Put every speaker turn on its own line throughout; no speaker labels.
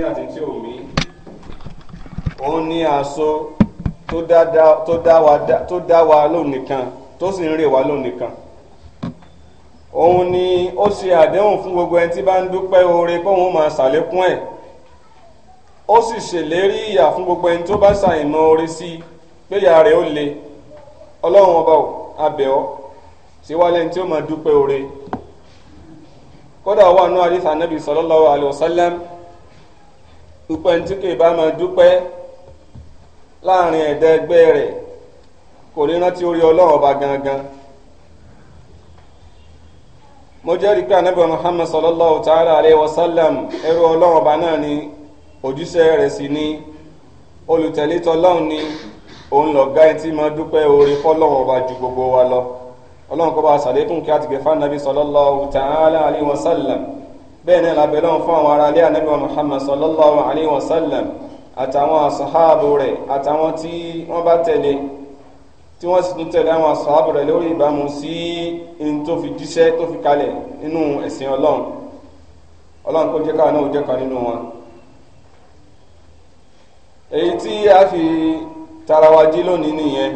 mí àti tí ò mí òun ní aṣọ tó dá wa lónìkan tó sì ń rè wá lónìkan òun ni ó ṣe àdéhùn fún gbogbo ẹni tí bá ń dúpẹ́ oore kóun máa ṣàlékún ẹ̀ ó sì ṣèlérí ìyà fún gbogbo ẹni tó bá ṣàìmọ̀ oore sí i pé ìyà rẹ̀ ó le ọlọ́run ọba ò abẹ́ ọ ṣé wá lẹ́ni tí ó máa dúpẹ́ oore kódà wà nù àdìsá nàbì sallallahu alaihi dúpẹ́ ní tí kì í bá máa dúpẹ́ láàrin ẹ̀dá ẹgbẹ́ rẹ̀ kò lè rántí orí ọlọ́run ọba gangan mo jẹ́rìí pé anábẹ́ muhammed sallallahu ta'ala alayhi wa sallam ẹrú ọlọ́run ọba náà ni òjíṣẹ́ rẹ̀ sì ni olùtẹ̀lé tọlọ́run ni òun lọ̀gá ẹni tí máa dúpẹ́ orí fọlọ́run ọba ju gbogbo wa lọ ọlọ́run kó bá ṣàlékún kí á ti gbé fún sallallahu ta'ala alayhi wa sallam bẹ́ẹ̀ náà labẹ́ lọ́n fún àwọn aráalé ànábì muhammad sallallahu alayhi wa sallam àtàwọn asahaabu rẹ̀ àtàwọn tí wọ́n bá tẹ̀lé tí wọ́n sì tún tẹ̀lé àwọn asahaabu rẹ̀ lórí ìbámu sí in tó fi jíṣẹ́ tó fi kalẹ̀ nínú ẹ̀sìn ọlọ́run ọlọ́run kó jẹ́ káwọn náà jẹ́ kan nínú wọn. èyí tí a fi tarawájí lónìí nìyẹn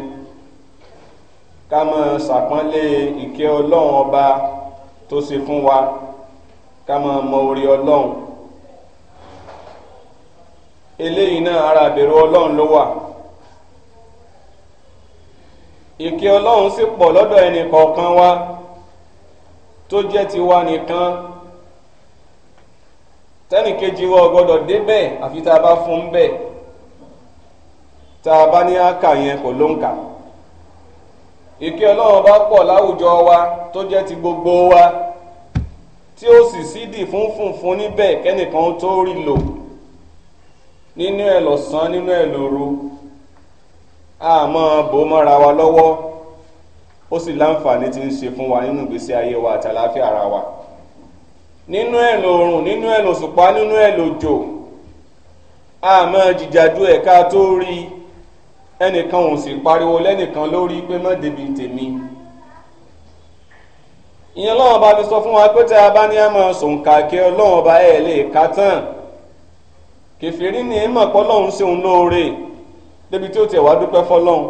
ká máa ṣàpọ́nlé ìkẹ́ ọlọ́run ọba tó ṣe fún wa. Kama máa mọ orí ọlọ́run eléyìí náà ara àbẹ̀rù ọlọ́run ló wà ìkẹ́ ọlọ́run sì pọ̀ lọ́dọ̀ ẹnì kọ̀ọ̀kan wa tó jẹ́ tiwa nìkan tẹ́nìkejì wa gbọ́dọ̀ débẹ̀ àfi tá a bá fún un bẹ́ẹ̀ tá a bá ní àkà yẹn kò ló ń kà ìkẹ́ ọlọ́run bá pọ̀ láwùjọ wa tó jẹ́ ti gbogbo wa tí ó sì sídì fún funfun níbẹ̀ kẹ́nìkan tó rí lò nínú ẹ̀ lọ́sàn nínú ẹ̀ lóru àmọ́ bò mọ́ra wa lọ́wọ́ ó sì láǹfààní tí ń ṣe fún wa nínú ìgbésí ayé wa àti àlàáfíà ara wa nínú ẹ̀ lòrùn nínú ẹ̀ lòṣùpá nínú ẹ̀ lòjò àmọ́ jìjàdú ẹ̀ka tó rí ẹnìkan ò sì pariwo lẹ́nìkan lórí pé má débi tèmi ìyẹn lọ́wọ́n bá fi sọ fún wa pé tẹ́ a bá ní ẹ máa sòǹkà kí ọlọ́wọ́n bá ẹ lè ka tán kẹfìrí ni ẹ mọ̀ pé ọlọ́run òun lóore débi tí ó tiẹ̀ wá dúpẹ́ fọlọ́run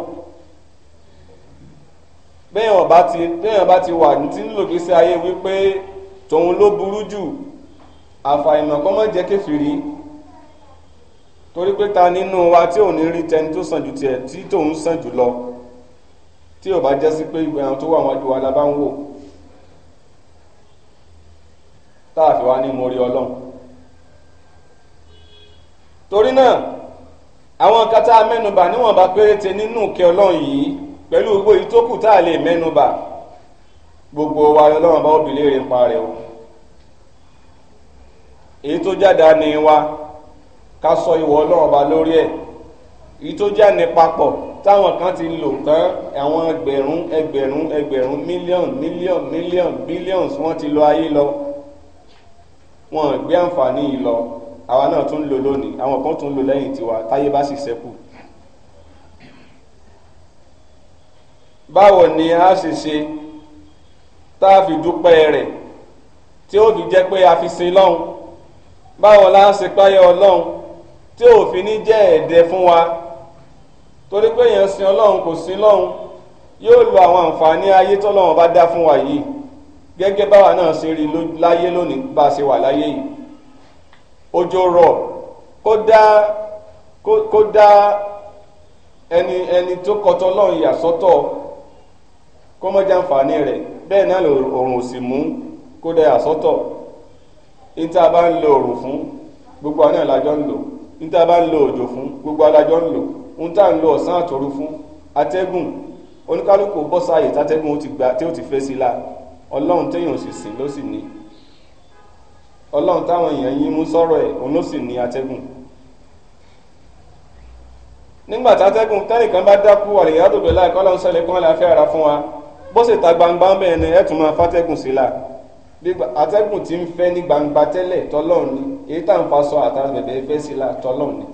béèyàn bá ti béèyàn bá ti wà ní tí ń lò kí sí ayé wípé tòun ló burú jù àfàìmọ̀ kọ́ mọ́ jẹ́ kẹfìrí torí pé ta nínú wa tí ò ní rí tẹni tó sàn jù tiẹ̀ tí tòun sàn jù lọ tí ò bá jẹ́ sí pé ìgbéyàwó tó wà wájú wa la bá ń wò táàfi wá ní mórí ọlọ́run torí náà àwọn nǹkan tá a mẹ́nubà níwọ̀nba péréte nínú ìkẹ́ ọlọ́run yìí pẹ̀lú gbogbo èyí tó kù tá a lè mẹ́nubà gbogbo wa ọlọ́run bá obìnrin rè pa rẹ̀ o èyí tó jáde ní wa ká sọ ìwọ ọlọ́run bá lórí ẹ̀ èyí tó jáde papọ̀ táwọn kan ti lò tán àwọn ẹgbẹ̀rún ẹgbẹ̀rún ẹgbẹ̀rún mílíọ̀nù mílíọ̀nù mílíọ̀nù bílíọ̀nù wọ́n ti lọ ayé lọ wọn gbé àǹfààní yìí lọ àwa náà tún lò lónìí àwọn kan tún lò lẹ́yìn tiwa táyé bá sì ṣẹ́kù. báwo ni a ṣe ṣe tá a fi dúpẹ́ rẹ̀ tí ó fi jẹ́ pé a fi sin lọ́hùn báwo la ṣe páyọ̀ ọlọ́hun tí òfin ní jẹ́ ẹ̀dẹ̀ fún wa torí pé èèyàn sin ọlọ́hun kò sin lọ́hùn yóò lo àwọn àǹfààní ayé tọ́lọ́hun bá dá fún wa yìí gẹ́gẹ́ báwa náà ṣe rí láyé lónìí bá a ṣe wà láyé yìí òjò rọ̀ kó dá kó dá ẹni ẹni tó kọtọ náà yàsọ́tọ̀ kó mọ́ jàǹfààní rẹ̀ bẹ́ẹ̀ náà òrùn sì mú kó dá yàsọ́tọ̀ níta bá ń lo òrùn fún gbogbo àná ìlàjọ ń lò níta bá ń lo òjò fún gbogbo alájọ ń lò ohun tá ń lo ọ̀sán àtòru fún atẹ́gùn oníkálukú bọ́sáyè tátẹ́gùn tí ó ti fẹ́ sí la ọlọ́run téèyàn sì sìn ló sì ní ọlọ́run táwọn èèyàn yín mú sọ́rọ̀ ẹ̀ òun ló sì ní atẹ́gùn nígbà tátẹ́gùn tẹ́nìkan bá dákú àlèyá tó bẹ̀lá ẹ̀kọ́ lọ́n sẹ́lẹ̀ kan láfẹ́ ara fún wa bó sì ta gbangba ń bẹ̀rẹ̀ ẹ̀ tún máa fátẹ́gùn sí la atẹ́gùn tí ń fẹ́ ní gbangba tẹ́lẹ̀ tọ́lọ́run ni èyí tá à ń fa sọ àtàbẹ̀bẹ̀ fẹ́ sí la tọ́lọ́run ni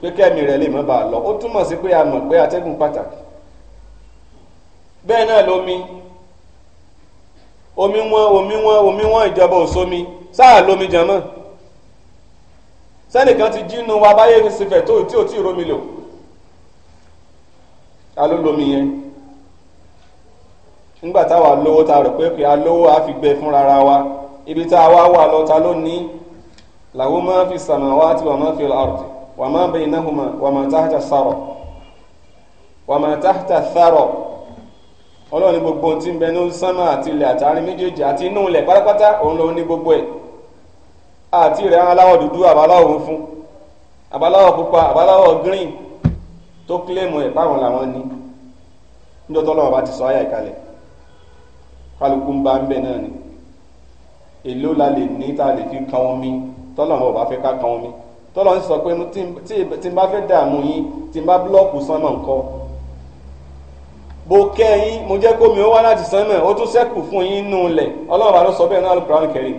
pé kẹ́mi rẹ̀ lè má bàa lọ ó túmọ̀ sí pé a mọ̀ pé atẹ́gùn pàtàkì bẹ́ẹ̀ náà lomi omi wọn omi wọn omi wọn ìjọba òsomi sáà lomi jẹmọ sẹ́nìkan ti jínú wa báyé ìsìnfẹ̀ tó tí ò tí ì romi lò ta ló lomi yẹn nígbà táwa lówó ta rò pé pé a lówó a fi gbẹ e fúnra wa ibi tá a wá wà lọ ta ló ní làwọn máa fi samawati wa máa fi al-ardi wa ma bainahuma wa ma tahta thara wa ma tahta thara ọlọ́run ní gbogbo tí ń bẹ ní sánmà àti ilẹ̀ àtàrin méjèèjì àti inú ilẹ̀ pátápátá òun lòun ní gbogbo ẹ̀ àti rẹ̀ aláwọ̀ dúdú àbáláwọ̀ funfun àbáláwọ̀ pupa àbáláwọ̀ green tó kílẹ̀mù ẹ̀ báwọn làwọn ní níjọ́ tó lọ́wọ́ bá ti sọ ayà ìkalẹ̀ kálukú ń bá ń bẹ náà ni èló la lè ní tá a lè fi kan omi tọ́lọ̀ wọn ò bá fẹ́ ká kan omi tọ́lọ̀ ń sọ pé tí n bá fẹ́ dààmú yín tí n bá búlọ́ọ̀kù sánmà ńkọ́ bó kẹ́ yín mo jẹ́ kómi ó wá láti sánmọ̀ ó tún sẹ́kù fún yín nù lẹ̀ ọlọ́run bá ló sọ bẹ́ẹ̀ náà Al-Qur'an Al-Karim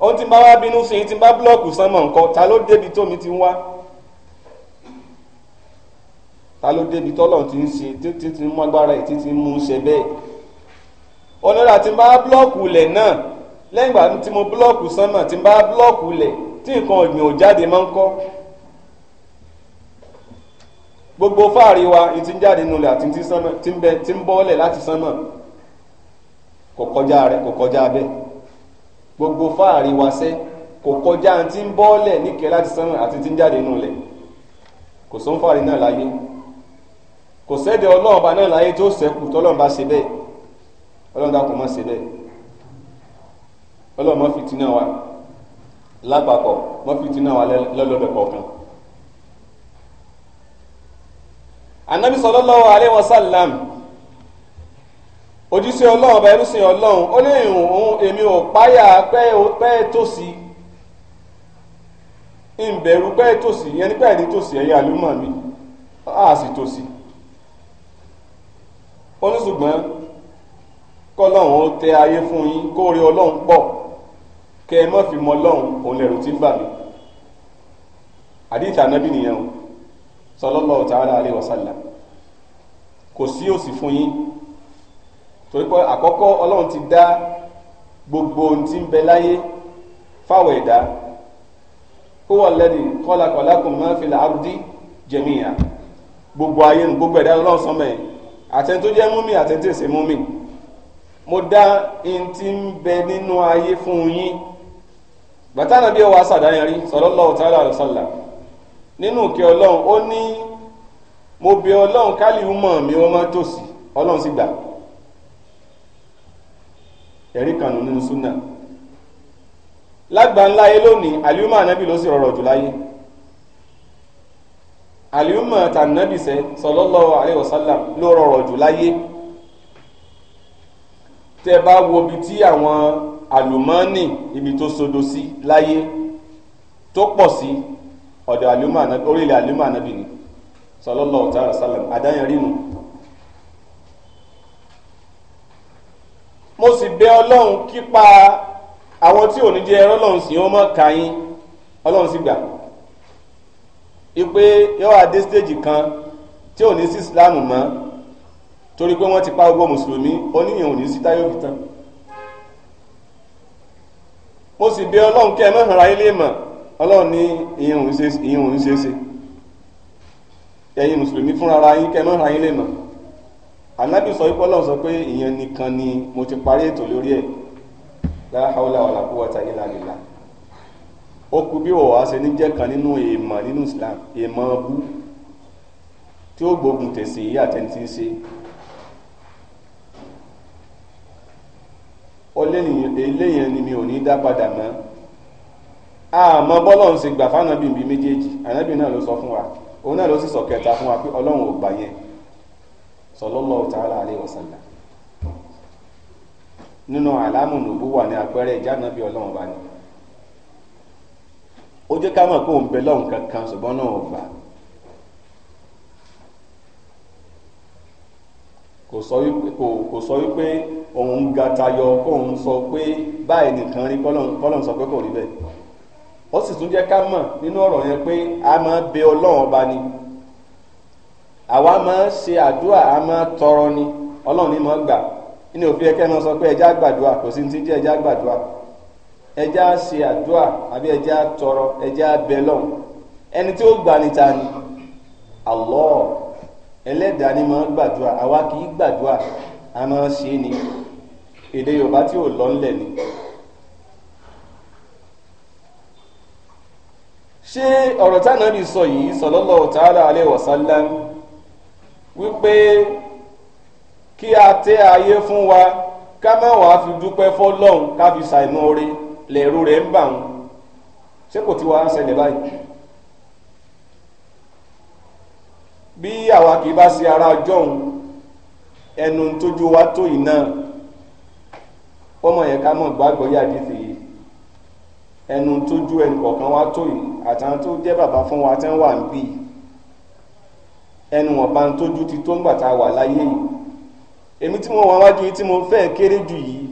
ohun tí n bá wá bínú sí yín tí n bá búlọ̀kù sánmọ̀ nǹkan ta ló débi tómi ti ń wá ta ló débi tọ́lọ̀ ti ń ṣe títí ti mú agbára ẹ̀ títí mú un ṣe bẹ́ẹ̀ ọlọ́run àti n bá búlọ̀kù lẹ̀ náà lẹ́yìn ìgbà tí mo búlọ̀kù sánmọ̀ tí n bá búlọ̀kù lẹ̀ tí nǹkan ọ̀gbìn ò jáde máa ń kọ́ gbogbo fáàrí wa ní ti ń jáde nulẹ̀ àti ti ń bọ́ọ̀lẹ̀ láti sánmà kò kọjá rẹ̀ kò kọjá bẹ́ẹ̀ gbogbo fáàrí wa sẹ́ kò kọjá ti ń bọ́ọ̀lẹ̀ níkẹ́ láti sánmà àti ti ń jáde nulẹ̀ kò sóun fáàrí náà láyé kò sẹ́dẹ̀ ọlọ́run náà láyé tó sẹ́kù tọ́lọ́run ṣe bẹ́ẹ̀ ọlọ́run dákun má ṣe bẹ́ẹ̀ ọlọ́run má fìtínà wa lápapọ̀ má fìtínà wa lọ́lọ́dọ̀ kọ̀ọ̀kan. anabi sallallahu alaihi wasallam ojúṣe ọlọ́run ọba ẹrúsìn ọlọ́run ó lè rùn òun èmi ò páyà pẹ́ẹ́ tòsí ìbẹ̀rù pẹ́ẹ́ tòsí ìyẹn ní pẹ́ẹ́ tòsí ẹ̀yà àlùmọ̀ mi á sì tòsí ó ní ó tẹ ayé fún yín kó rí ọlọ́run pọ̀ kẹ́ ẹ má fi mọ ọlọ́run òun lẹ̀rù tí ń bà mí àdìtà nábì nìyẹn o sallallahu ta'ala alayhi wa sallam kò sí òsì fún yín torí pé àkọ́kọ́ ọlọ́run ti dá gbogbo ohun tí ń bẹ láyé fáwọn ẹ̀dá huwa alladhi khalaqa lakum ma fil ardi jami'a gbogbo ayé nu gbogbo ẹ̀dá ọlọ́run sọmọ ẹ̀ àtẹni tó jẹ́ múmi àtẹni tó ṣe múmi mo dá ihun tí ń bẹ nínú ayé fún yín bàtà nàbí ọwọ́ àṣà dáyẹn rí sallallahu ta'ala alayhi wa nínú ìkẹ́ ọlọ́run ó ní mo bẹ̀ ọlọ́run kálíwù mọ̀ mi wọ́n mọ́ tòsí ọlọ́run sì gbà ẹ̀rí kanu nínú súnà lágbàńlá ayé lónìí àlìhùmọ̀ ànábì ló sì rọrọ̀ jù láyé àlìhùmọ̀ tànàbìsẹ sallallahu alaihi wasallam ló rọrọ̀ jù láyé tẹ bá wo ibi tí àwọn àlùmọ́ọ́nì ibi tó sodo sí láyé tó pọ̀ sí ọ̀dọ̀ àlùmọ̀ orílẹ̀ àlùmọ̀ ànábì ni sallallahu ta'ala sallam àdáyẹrìnù mo sì bẹ ọlọ́run kípa àwọn tí ò ní jẹ́ ẹrọ ọlọ́run sì wọ́n mọ̀ káyín ọlọ́run sì gbà ipe yóò wá dé stage kan tí ò ní sí islam mọ́ torí pé wọ́n ti pa gbogbo mùsùlùmí oníyàn ò ní sí táyọ̀ fi mo sì bẹ ọlọ́run kí ẹ mọ̀ hàn ra ilé mọ̀ ọlọ́run ní ìyẹn òun ṣe é ṣe ẹ̀yin mùsùlùmí fúnra ara yín kẹ́ mọ́ra yín lè mọ̀ ànábì sọ pé ọlọ́run sọ pé ìyẹn nìkan ni mo ti parí ètò lórí ẹ̀ la hawla wala quwwata illa billah ó kú bí wọ́n ṣe ní kan nínú èèmọ̀ nínú Islam èèmọ̀ bú tí ó gbógun tẹ̀sí yìí àtẹ̀ntì ṣe ó ni mi ò ní dá padà mọ́ a mọ ń ṣe gbà fún ànábì bíi méjèèjì ànábì náà ló sọ fún wa òun náà ló sì sọ kẹta fún wa pé ọlọ́run ò gbà yẹn sallallahu ta'ala alaihi wasallam nínú àlámùnùbù wà ní àpẹẹrẹ ìjánabi ọlọ́run bá ní ó ká mọ̀ pé òun bẹ lọ́hùn sọ wípé òun ga tayọ ó sì tún jẹ́ ká mọ̀ nínú ọ̀rọ̀ yẹn pé a máa bẹ ọlọ́run ọba ni àwa máa ṣe àdúrà a máa tọrọ ni ọlọ́run ni máa gbà nínú òfin ẹ̀kẹ́ máa sọ pé ẹja gbàdúrà kò sí ti jẹ́ ẹja gbàdúrà ẹja ṣe àdúrà àbí ẹja tọrọ ẹja bẹ lọ́hùn ẹni tí ó gbà níta ni Allah ẹlẹ́dàá ni máa gbàdúrà àwa kì í gbàdúrà a máa ṣe ni èdè yorùbá tí ò lọ́nlẹ̀ ni. ṣé ọ̀rọ̀ tá nàbì sọ yìí sallallahu ta'ala alaihi wasallam wípé kí a tẹ ayé fún wa ká má wàá fi dúpẹ́ fọ́lọ́hun ká fi ṣàìmọ́ orí lẹ́rú rẹ̀ ń bà wọn ṣé kò tí wàá ṣẹlẹ̀ báyìí. bí àwa kì í bá ṣe ara ọjọ́hun ẹnu tójú wa tó yìí náà ọmọ yẹn ká mọ̀ gbàgbọ́ yá àdìsí yìí ẹnu tójú ẹnì kọ̀ọ̀kan wá tó yìí àtàwọn tó jẹ́ bàbá wa tẹ́ ń wà ń ti tó ń gbà tá a wà láyé yìí èmi tí mo wà wájú yìí tí mo fẹ́ kéré jù yìí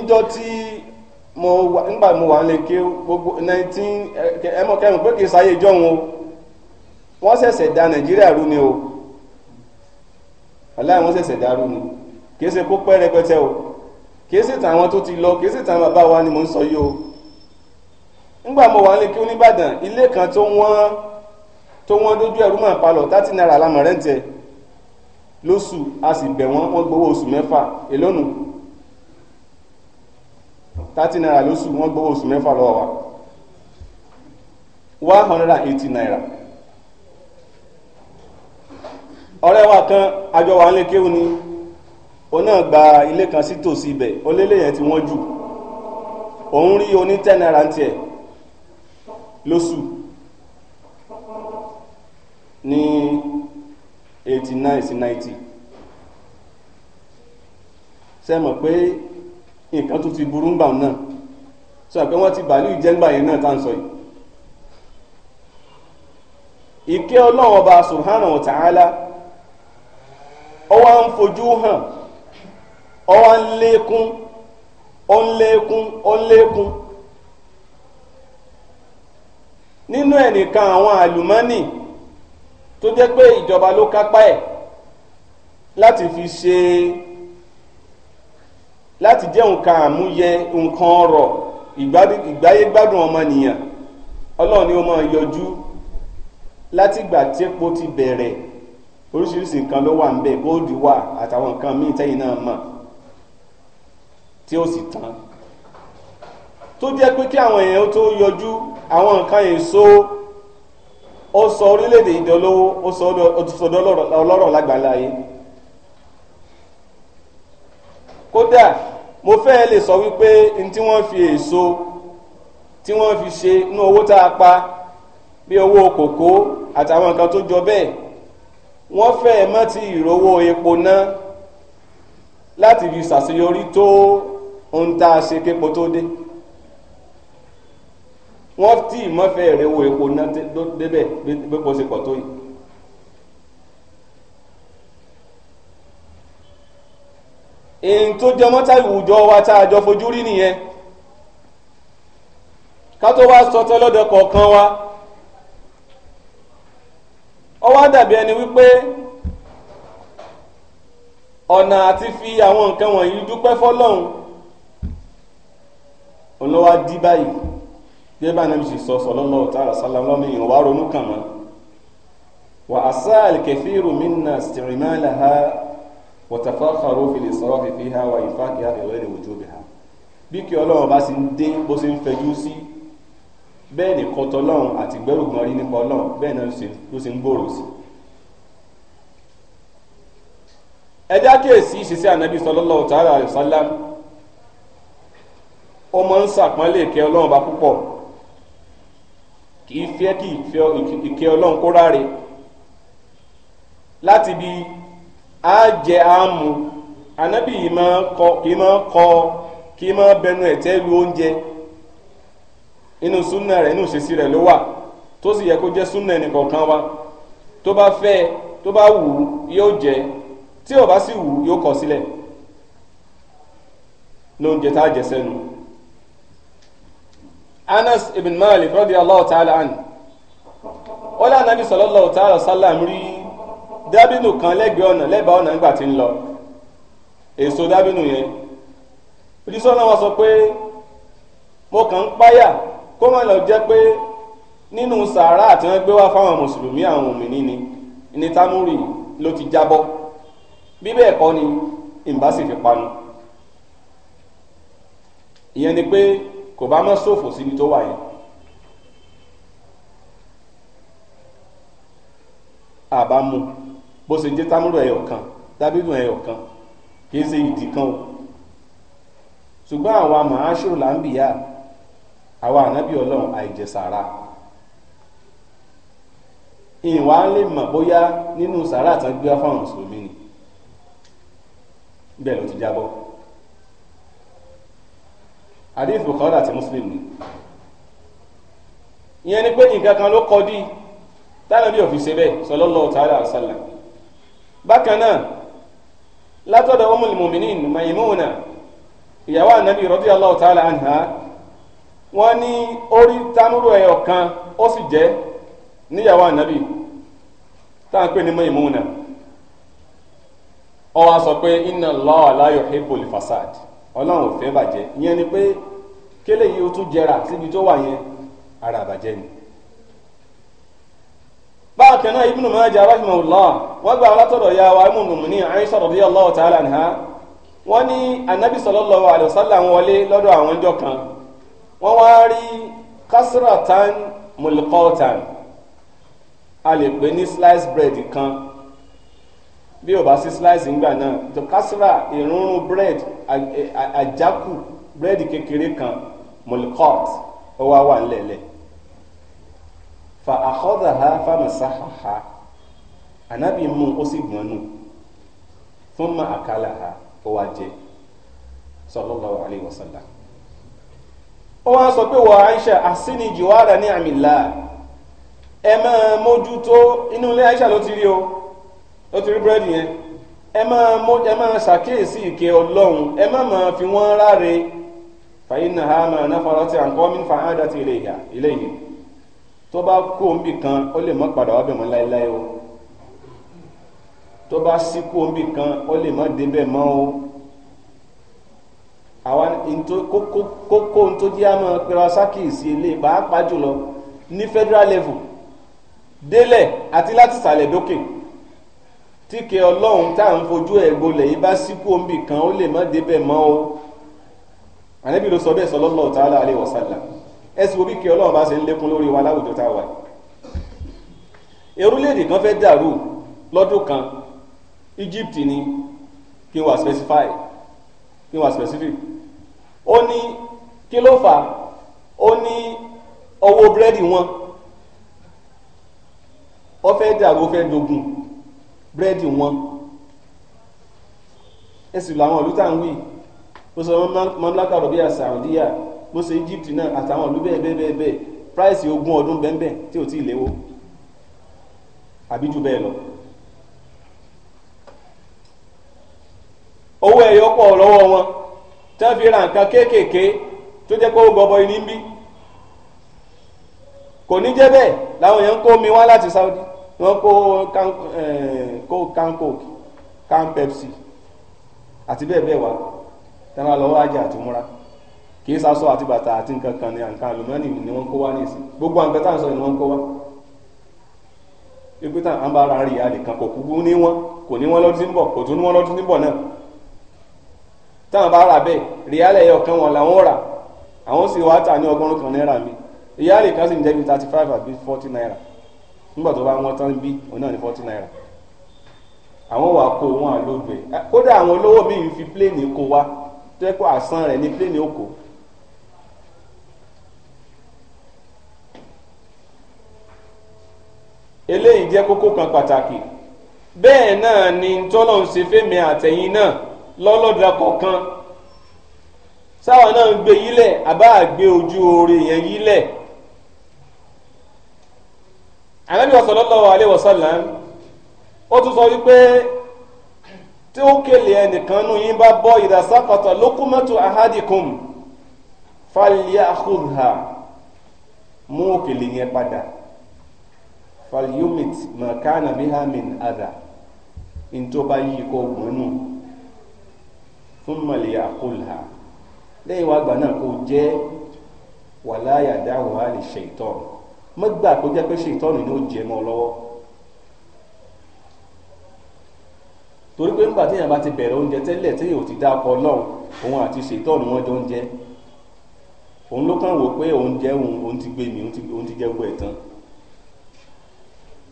níjọ́ tí mo mo wà lè ké gbogbo nineteen ẹmọ kẹrin pé kì í wọn wọ́n ṣẹ̀ṣẹ̀ da nàìjíríà rú ni o aláì ṣẹ̀ṣẹ̀ da rú ni kì í ṣe kó pẹ́ o. kìí ṣètò àwọn tó ti lọ kìí ṣètò àwọn bàbá wa ni mò ń sọ yìí o ńgbà mo wà nílé kí oníbàdàn ilé kan tó wọn tó wọn dójú ẹ̀rú mọ̀ palọ̀ tàti náírà lámọ̀ rẹ́ǹtẹ̀ lóṣù a sì bẹ̀ wọn wọn gbowó oṣù mẹ́fà èlónù tàti náírà lóṣù wọ́n gbowó oṣù mẹ́fà lọ́wọ́ wa one hundred and eighty naira ọ̀rẹ́ wa kan àjọ wà nílé kéwù ni ó náà gba ilé kan sí tòsí ibẹ̀ ó lélẹ̀ yẹn tí wọ́n jù òun rí oní ten naira ń tiẹ̀ lóṣù ní eighty nine sí ninety pé nǹkan ti burú ń bà náà sọ pé ti bàálù ìjẹ́ngbà yẹn náà tá n sọ yìí ọba subhanahu wa ta'ala ó wá ń fojú hàn ọwọ́ ń lékún ó ń lékún ó ń lékún nínú ẹnìkan àwọn àlùmọ́nì tó jẹ́ pé ìjọba ló kápá ẹ̀ láti fi ṣe láti jẹ́ nǹkan àmúyẹ nǹkan ọrọ̀ ìgbáyégbádùn ọmọnìyàn ọlọ́run ni ó máa yọjú látìgbà tí epo ti bẹ̀rẹ̀ oríṣiríṣi nǹkan ló wà ń bẹ̀ góòdù wà àtàwọn nǹkan míì tẹ́yìn náà mọ̀ tí ó sì tán tó jẹ́ pé kí àwọn èèyàn tó yọjú àwọn nǹkan èso ó sọ orílẹ̀-èdè ìdọ́lówó ó sọ ọdún ọlọ́rọ̀ lágbàlá yìí kódà mo fẹ́ lè sọ wípé n tí wọ́n fi èso tí wọ́n fi ṣe inú owó tá a pa bí owó kòkó àtàwọn nǹkan tó jọ bẹ́ẹ̀ wọ́n fẹ́ mọ́ ti ìrówó epo ná láti fi ṣàṣeyọrí tó ohun tá a ṣe képo tó dé ma tí ìmọ̀fẹ́ epo náà débẹ̀ bí kò ṣe pọ̀ tó yìí. èyí tó jẹ mọ́tà ìwùjọ wa tá a jọ fojú rí nìyẹn ká tó wá sọ tọ́lọ́dọ̀ kọ̀ọ̀kan wa ó wá dàbí ẹni wípé ọ̀nà àti fi àwọn nǹkan wọ̀nyí dúpẹ́ fọ́lọ́hun olówó adi báyìí gẹ́gẹ́ bá nàbí ṣe sọ sọlọ́lọ́ ọ̀tàrà sálámù lọ́mọ èèyàn wà ronú kàn mọ́ wà á sá àlìkẹ́fìrù mínà sìrìmálà ha wọ̀tàfàfàrò fìlè sọ̀rọ̀ fìfì ha wà ìfáàkì ha ìwé rẹ̀ wòjú bìhà bí kí ọlọ́run bá ti ń dé bó ṣe ń fẹjú sí bẹ́ẹ̀ ni kọ́tọ́ lọ́run àti gbẹ́rùgbọ́n rí nípa ọlọ́run bẹ́ẹ̀ náà ló ṣe ń gbòòrò sí i ẹdá kíyèsí ìṣesí ànábì sallallahu ta'ala alaihi wasallam ó máa ń sàpọ́nlé ìkẹ́ ọlọ́run bá púpọ̀ kì í fẹ́ kí ìkẹ́ ọlọ́run kó ráre láti bi á jẹ àmú anábì yìí máa kọ kì í máa kọ kì í máa bẹnu ẹ̀tẹ́ lu oúnjẹ inú súnà rẹ̀ inú ìṣesí rẹ̀ ló wà tó sì yẹ kó jẹ́ súnà ẹnìkọ̀ọ̀kan wa tó bá fẹ́ tó bá wù ú yóò jẹ tí ò bá sì wù ú yóò kọ̀ sílẹ̀ lóúnjẹ tá a jẹ sẹ́nu. Anas ibn Malik radiyallahu ta'ala anhu ó lá nàbí sallallahu ta'ala sallam rí dábìnù kan lẹ́gbẹ̀ẹ́ ọ̀nà lẹ́bàá ọ̀nà nígbà tí ń lọ èso dábìnù yẹn ìdísọ́nà wọn sọ pé mo kàn ń páyà kó má lọ jẹ́ pé nínú sàárà àti wọn gbé wá fáwọn mùsùlùmí àwọn òmìnir ni ní támúrì ló ti jábọ́ bí bẹ́ẹ̀ ni ìbá fi panu ìyẹn ni pé kò bá má ṣòfò síbi tó wà yẹn àbámu bó ṣe ń jẹ́ támúrò ẹyọ kan dábìdù ẹyọ kan kì í ṣe ìdì kan o ṣùgbọ́n àwa màáṣúrò là ń bìyà àwa ànábì ọlọ́run àìjẹsàrà ìwà lè mọ̀ bóyá nínú sàrà fáwọn mùsùlùmí ni bẹ́ẹ̀ ló hadith bukhari àti muslim ni ìyẹn ni pé nǹkan kan ló kọ́ dí táwọn bí òfin ṣe bẹ́ẹ̀ sallallahu ta'ala alaihi wasallam bákan náà látọ̀dọ̀ umul mu'minin maimuna ìyàwó ànábì radiyallahu ta'ala anha wọ́n ní orí támúrò ẹ̀yọ̀ kan ó sì jẹ́ níyàwó ànábì táwọn pè ní maimuna ó wá sọ pé inna Allah la yuhibbul fasad ọlọ́run ò fẹ́ bàjẹ́ ìyẹn ni pé kélé yìí ó tún jẹrà síbi tó wà yẹn ara àbàjẹ́ ni bákan náà ibnu Majah rahimahullah wọ́n gba alátọ̀dọ̀ ya wa imú nùmùní Aisha radiyallahu ta'ala anha wọ́n ní anabi sallallahu alayhi wa wọlé lọ́dọ̀ àwọn ọjọ́ kan wọ́n wá rí kásírà tán a lè pè ní slice bread kan bí o bá sí slice ńgbà náà tó kásírà ìrúnrún bread àjákù bread kékeré kan molikot ó wá wà ńlẹ̀lẹ̀ fa àkọ́dà ha fámasá ha ànábì mú ó sì gbọ́n nù fún ma àkàlà ha ó wá jẹ sallallahu alayhi wa sallam ó wá sọ pé wọ́n Aisha àsìní jìwára ní àmì là ẹ máa mójútó inú ilé Aisha ló ti rí o ó ti rí búrẹ́dì yẹn ẹ máa mú ẹ máa ṣàkíyèsí ìkẹ́ ọlọ́run ẹ má máa fi wọ́n ráre fàyínà ha máa ná fọlọ́ tí fa áádá ti ilé yìí tó bá kó òǹbì kan ó lè mọ́ padà wá bẹ̀ mọ́ láéláé o tó bá sí kó òǹbì kan ó lè mọ́ débẹ̀ mọ́ o àwọn kókó tó jẹ́ àmọ́ pẹ̀lú ṣàkíyèsí ilé pàápàá jùlọ ní federal level délẹ̀ àti láti sàlẹ̀ dókè. Okay tí kẹ ọlọ́run tá à ń fojú ẹ̀ gbolẹ̀ yìí bá síkú omi kan ó lè má débẹ̀ mọ́ o ànábì ló sọ bẹ́ẹ̀ sallallahu ta'ala alaihi wasallam ẹ sì wo bí kẹ ọlọ́run bá ṣe ń lékún lórí wa láwùjọ tá a wà erúlẹ̀èdè kan fẹ́ dàrú lọ́dún kan Egypt ni kí wà specify kí wà specific ó ní kí ló fà ó ní owó búrẹ́dì wọn ó fẹ́ dàrú ó fẹ́ dogun búrẹ́dì wọn ẹ sì lọ àwọn ìlú tá à ń wí bó ṣe mọ́nláka rọ̀bí àṣà àwùdíyà bó ṣe Egypt náà àtàwọn ìlú bẹ́ẹ̀ bẹ́ẹ̀ bẹ́ẹ̀ price ogún ọdún bẹ́ẹ̀ tí ò tí ì léwó àbí jù bẹ́ẹ̀ lọ. owó ẹ̀yọ́ pọ̀ lọ́wọ́ wọn tá wọ́n fi ra nǹkan kéékèèké tó jẹ́ pé ó gbọ́bọ iní ń bí kò ní jẹ́ bẹ́ẹ̀ làwọn èèyàn ń kó omi wá láti Saudi wọ́n kó eh, kó Coke, can pepsi àti bẹ́ẹ̀ bẹ́ẹ̀ wá tẹ́wọ́n lọ́wọ́ ajá àti múra kì í sasọ àti bàtà àti nǹkan kan ní nǹkan àlùmọ́ọ́nì ni wọ́n kó wá ní ìsìn gbogbo nǹkan tá à ń sọ ni wọ́n kó wá ipe tá à ń bá ara rí ìyá nìkan kò kúkú ní wọn kò ní wọn lọ́dún tí ń bọ̀ kò tún ní wọn lọ́dún tí ń bọ̀ náà tá à ń bá ara bẹ́ẹ̀ ríálẹ̀ ẹyọ kan wọn làwọn rà àwọn sì wá tà ní ọgọ́rùn-ún kan náírà mi ìyá nìkan sì ń jẹ́ bíi thirty five àbí forty naira nígbà tó bá wọ́n tán bí òun náà ní forty naira àwọn wà kó wọn àlóògbé kódà àwọn olówó míì fi pléènì kó wa tó àsán rẹ̀ ní pléènì òkò. eléyìí jẹ́ kókó kan pàtàkì bẹ́ẹ̀ náà ni tọ́lọ̀ ń ṣe fẹ́mi àtẹ̀yìn náà lọ́lọ́dà kọ̀ọ̀kan sáwọn náà ń gbé yílẹ̀ àbá àgbé ojú oore yẹn yílẹ̀ Ànábì sallallahu alaihi wasallam ó tún sọ wípé tí ó kèlè ẹnìkan nù yín bá bọ́ idha saqata luqmatu ahadikum falyakhudha mú òkèlè yẹn padà falyumit ma kana biha min adha ntoba yìí kò gbónú thumma liyakhudha lẹ́yìn wàgbà náà kò jẹ́ wala yadahuha lishaytan má gbà kó jẹ́ pé ṣètọ́nù ni ó jẹ mọ́ ọ lọ́wọ́ torí pé nígbà téèyàn bá ti bẹ̀rẹ̀ oúnjẹ tẹ́lẹ̀ téèyàn ò ti dá ọkọ ọlọ́run òun àti ṣètọ́nù wọn jọ ń jẹ òun ló kàn wò pé òun jẹ òun òun ti gbé mi òun ti jẹ gbogbo ẹ̀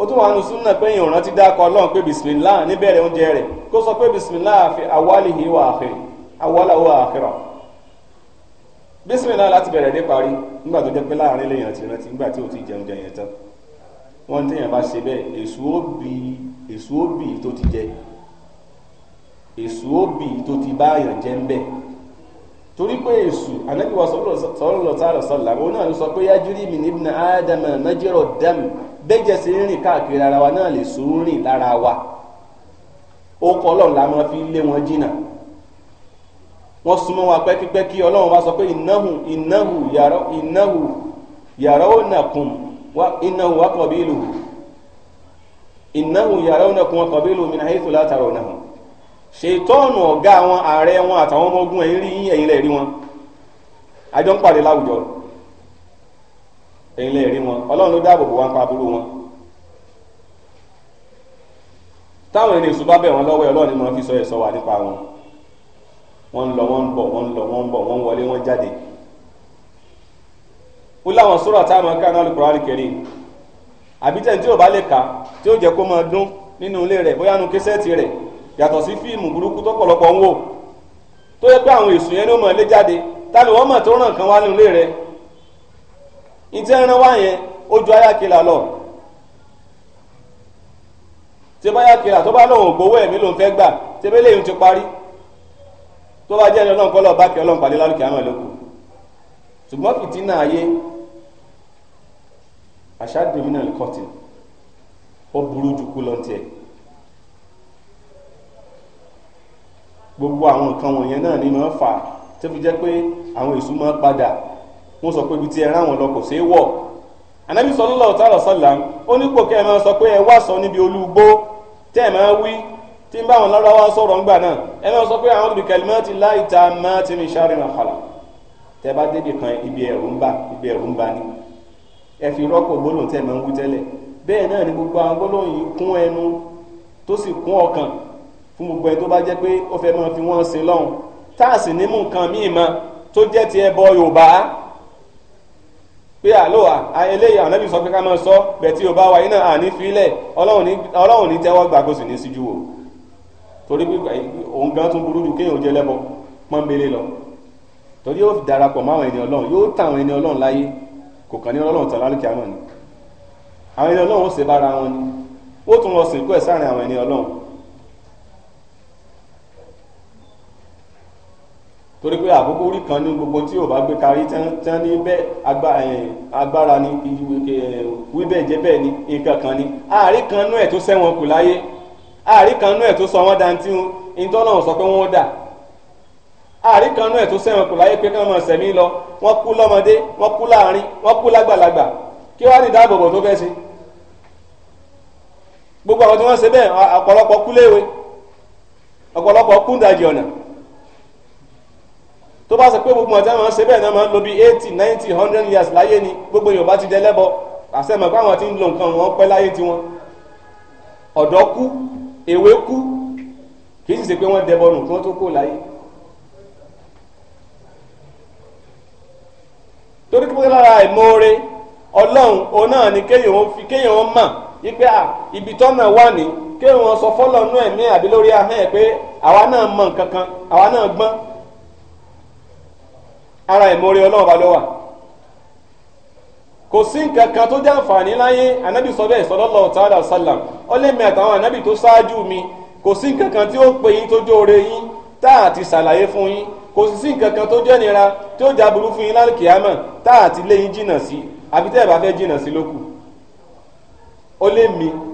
ó tún wà nù súnà pé èèyàn rántí dákọ ọlọ́run pé bisimilá níbẹ̀rẹ̀ oúnjẹ rẹ̀ kó sọ pé bisimilá àwálìhí wà àfẹ́rẹ́ àwálà wà àfẹ́rẹ́ bísímìlá láti bẹ̀rẹ̀ dé parí nígbà tó jẹ́ pé láàrin lèèyàn ti rántí nígbà tí ò ti jẹun jẹyàn tán wọ́n ní téèyàn bá ṣe bẹ́ẹ̀ èso òbí èso òbí tó ti jẹ èso òbí tó ti bá àyàn jẹ ń bẹ̀ torí pé èso Ànábì wa sallallahu ta'ala sallam òun náà ló sọ pé yájúrí mi níbi ádámà májírò dámù bẹ́jẹ̀ sí rìn káàkiri ara wa náà lè so rìn lára wa ó kọ́ ọlọ́run la fi lé wọn jìnnà wọ́n súnmọ́ wọn kí ọlọ́run wa sọ pé ìnáhù ìnáhù yàrá ìnáhù yàrá ó nàkùn wá ìnáhù wá kọ̀ bí ìlú ìnáhù yàrá ó nàkùn kọ̀ bí ọ̀gá wọn ààrẹ wọn àtàwọn ọmọ ogun ẹ̀yìn rí yín ẹ̀yìn lẹ́ẹ̀rí wọn àjọ ń pàdé láwùjọ ẹ̀yìn ló dáàbò bò wọ́n ń lọ wọ́n ń bọ̀ wọ́n ń lọ wọ́n ń bọ̀ wọ́n ń wọlé wọ́n jáde. ó láwọn sura táwọn ká náà lùkùrọ̀ àríkẹ́rì àbí tẹ̀ tí ò bá lè kà tí ó jẹ́ kó máa dún nínú ilé rẹ̀ bóyá nu késẹ́ẹ̀tì rẹ̀ yàtọ̀ sí fíìmù burúkú tó pọ̀lọpọ̀ ń wò tó yẹ pé àwọn èsù yẹn ló mọ̀ lé jáde ta ni wọ́n mọ̀ tó ràn kan wá nínú ilé rẹ̀ ìtẹ́ ẹran wá yẹn ó ju ayákẹ́là lọ tí bá yákẹ́là tó bá lóun ògbówó ẹ̀mí lòun fẹ́ gbà tẹ́bẹ́lẹ́ ti parí tó bá jẹ́ ẹni ọlọ́run kọ́ lọ́ọ́ bá kí ọlọ́run pàdé àwọn ìlókù ṣùgbọ́n fìtínà ayé àṣà dèmínà kọ́tìn ó burú ju kú lọ́n tiẹ̀ gbogbo àwọn nǹkan wọ̀nyẹn náà ni máa fà tó fi jẹ́ pé àwọn èṣù máa ń sọ pé ibi ẹ kò wọ̀ ó sọ pé ẹ wá sọ níbi tẹ́ tí ń bá wọn lọ́wọ́ sọ̀rọ̀ ńgbà náà ẹ máa sọ pé àwọn olùkẹ́lẹ́mọ́ ti láì ta máa ti mi sáré máa kọlà tẹ bá débi kan ibi ẹ̀rù ń bà ibi ẹ̀rù ń bà ni ẹ fi rọ́pò gbólóhùn tẹ máa ń wú tẹ́lẹ̀ bẹ́ẹ̀ náà ni gbogbo àwọn gbólóhùn yìí kún ẹnu tó sì kún ọkàn fún gbogbo ẹ tó bá jẹ́ pé ó fẹ́ máa fi wọ́n ṣe lọ́hùn tá a sì ní mú nǹkan míì mọ́ tó jẹ́ ti ẹbọ Yorùbá pé àlọ́ eléyìí ànábì sọ pé ká máa sọ bẹ̀ tí Yorùbá wa yìí náà àní fílẹ̀ Ọlọ́run ní tẹ́wọ́ gbà ní síjú wò torí pé òun gan tún burú ju kéèyàn jẹ lẹ́bọ pọ́nbélé lọ torí yóò darapọ̀ mọ́ àwọn ẹni ọlọ́run yóò tà àwọn ẹni ọlọ́run láyé kò kàn ní ọlọ́run tàn lálùkì àmọ́ ni àwọn ẹni ọlọ́run ó ṣe bára wọn ni ó tún lọ sìnkú ẹ̀ sáàrin àwọn ẹni ọlọ́run torí pé àkókò orí kan ní gbogbo tí ò bá gbé kárí tán ní bẹ́ẹ̀ agbára ni wíbẹ̀ jẹ́ bẹ́ẹ̀ ni nǹkan kan ni àárín kan nú ẹ̀ tó sẹ́wọ̀n kù láyé àárí kan nú ẹ̀ tó sọ wọ́n dantí wọn ìtọ́ náà sọ pé wọ́n dà àárí kan nú ẹ̀ tó sẹ́wọ̀n kò láyé pé kí wọ́n máa sẹ̀mí lọ wọ́n kú lọ́mọdé wọ́n kú láàrin wọ́n kú lágbàlagbà kí wọ́n á ní ìdáàbòbò tó fẹ́ sí gbogbo àwọn tí wọ́n ṣe bẹ́ẹ̀ ọ̀pọ̀lọpọ̀ kú léwe ọ̀pọ̀lọpọ̀ kú dàjì ọ̀nà tó bá sọ pé gbogbo ọ̀tá máa ń ṣe bẹ́ẹ̀ náà máa ń lo bí eighty ninety hundred years láyé ni gbogbo Yorùbá ti dẹlẹ́bọ àṣẹ mọ̀ pé àwọn ti ń lo nǹkan wọn pẹ́ láyé tiwọn ọ̀dọ́ kú èwe kú kì í sì ṣe pé wọ́n dẹbọ nù kí wọ́n tó kó láyé. torí pé lára ìmoore ọlọ́run òun náà ni kéèyàn fi kéèyàn wọn mọ̀ wípé à ibi tọ́nà wà ní kéèyàn wọn sọ fọ́lọ́nù ẹ̀mí àbí lórí ahọ́n pé àwa náà mọ̀ kankan àwa náà gbọ́n ara ìmoore ọlọ́run bá wà. kò sí nǹkan kan tó jẹ́ àǹfààní láyé ànábì sọ bẹ́ẹ̀ sallallahu ta'ala sallam ọlẹ́mi àtàwọn ànábì tó ṣáájú mi kò sí nǹkan kan tí ó pè yín tó jóore yín tá a ti ṣàlàyé fún yín kò sí sí nǹkan kan tó jẹ́ nira tí ó já burú fún yín lálùkìyámọ̀ tá a ti lé yín jìnnà sí àbí tẹ́ ẹ̀ bá fẹ́ jìnnà sí lókù ó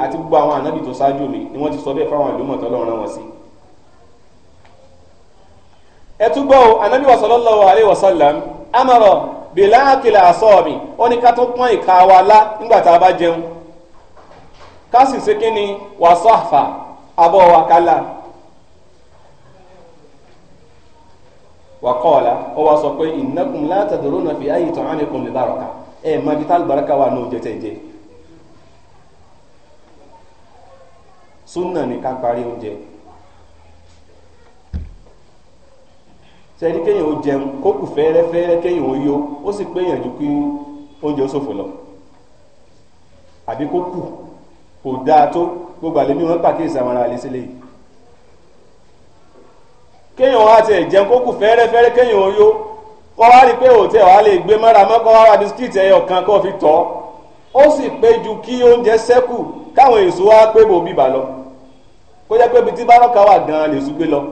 àti gbogbo àwọn ànábì tó ṣáájú mi ni wọ́n ti sọ bẹ́ẹ̀ fáwọn ìlúmọ̀tọ́ lọ́rùn Bila àsọ̀ọ̀bì ó ní ká tó pọ́n ìka wa la nígbà tá a bá jẹun wa sọ pé ìnákùn látàdúró náà fi ayé tán ánìkùn lè bárọ̀ká ẹ̀ máa fi tálùbáràká wà ní oúnjẹ súnà ká parí oúnjẹ sẹ́ni kéèyàn ó jẹun kó kù fẹ́ẹ́rẹ́fẹ́ẹ́rẹ́ kéèyàn ó yó ó sì pé èèyàn ju kí oúnjẹ ó ṣòfò lọ àbí kó kù kò dáa tó gbogbo àlẹ́mí wọn pàkíyèsí àwọn ará àlẹ́sí lè kéèyàn wá ti ẹ̀jẹ̀ kó kù fẹ́ẹ́rẹ́fẹ́ẹ́rẹ́ kéèyàn ó yó kọ́ wá rí pé òtẹ́ wàá lè gbé mọ́ra mọ́kọ́ wá ra bisikíìtì ẹyọ kan kó fi tọ́ ó sì pé ju kí oúnjẹ ṣẹ́kù káwọn èso wá pé bò bíbà lọ kó jẹ́ pé ibi tí bárọ́kà wà gan-an lè sùn lọ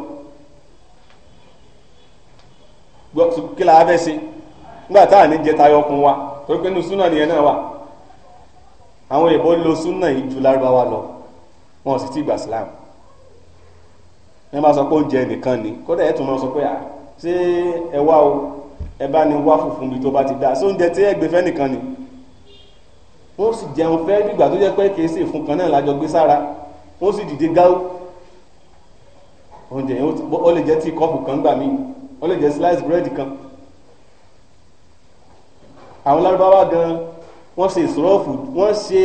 kí la fẹ́ ṣe nígbà tá à ní jẹ tayọ kun wa torí pé inú súnà nìyẹn náà wà àwọn òyìnbó lo súnà yìí ju lárúbáwá lọ wọn sì ti gbà sílámù ẹ máa sọ pé oúnjẹ nìkan ni kódà ẹ tún máa sọ pé à ṣé ẹ wá o ẹ bá ní wá fùfún mi tó bá ti dá ṣé oúnjẹ tí ẹ gbé fẹ́ nìkan ni wọ́n sì jẹun fẹ́ dìgbà tó jẹ́ pé kì í ṣe ìfun kan náà lájọ gbé sára wọ́n sì dìde gáwó oúnjẹ yẹn ó lè jẹ́ tí kọ́ọ̀pù kan gbà míì ó lè jẹ́ slice bread kan àwọn lárúbáwá gan wọ́n ṣe ìsọ̀rọ̀fù wọ́n ṣe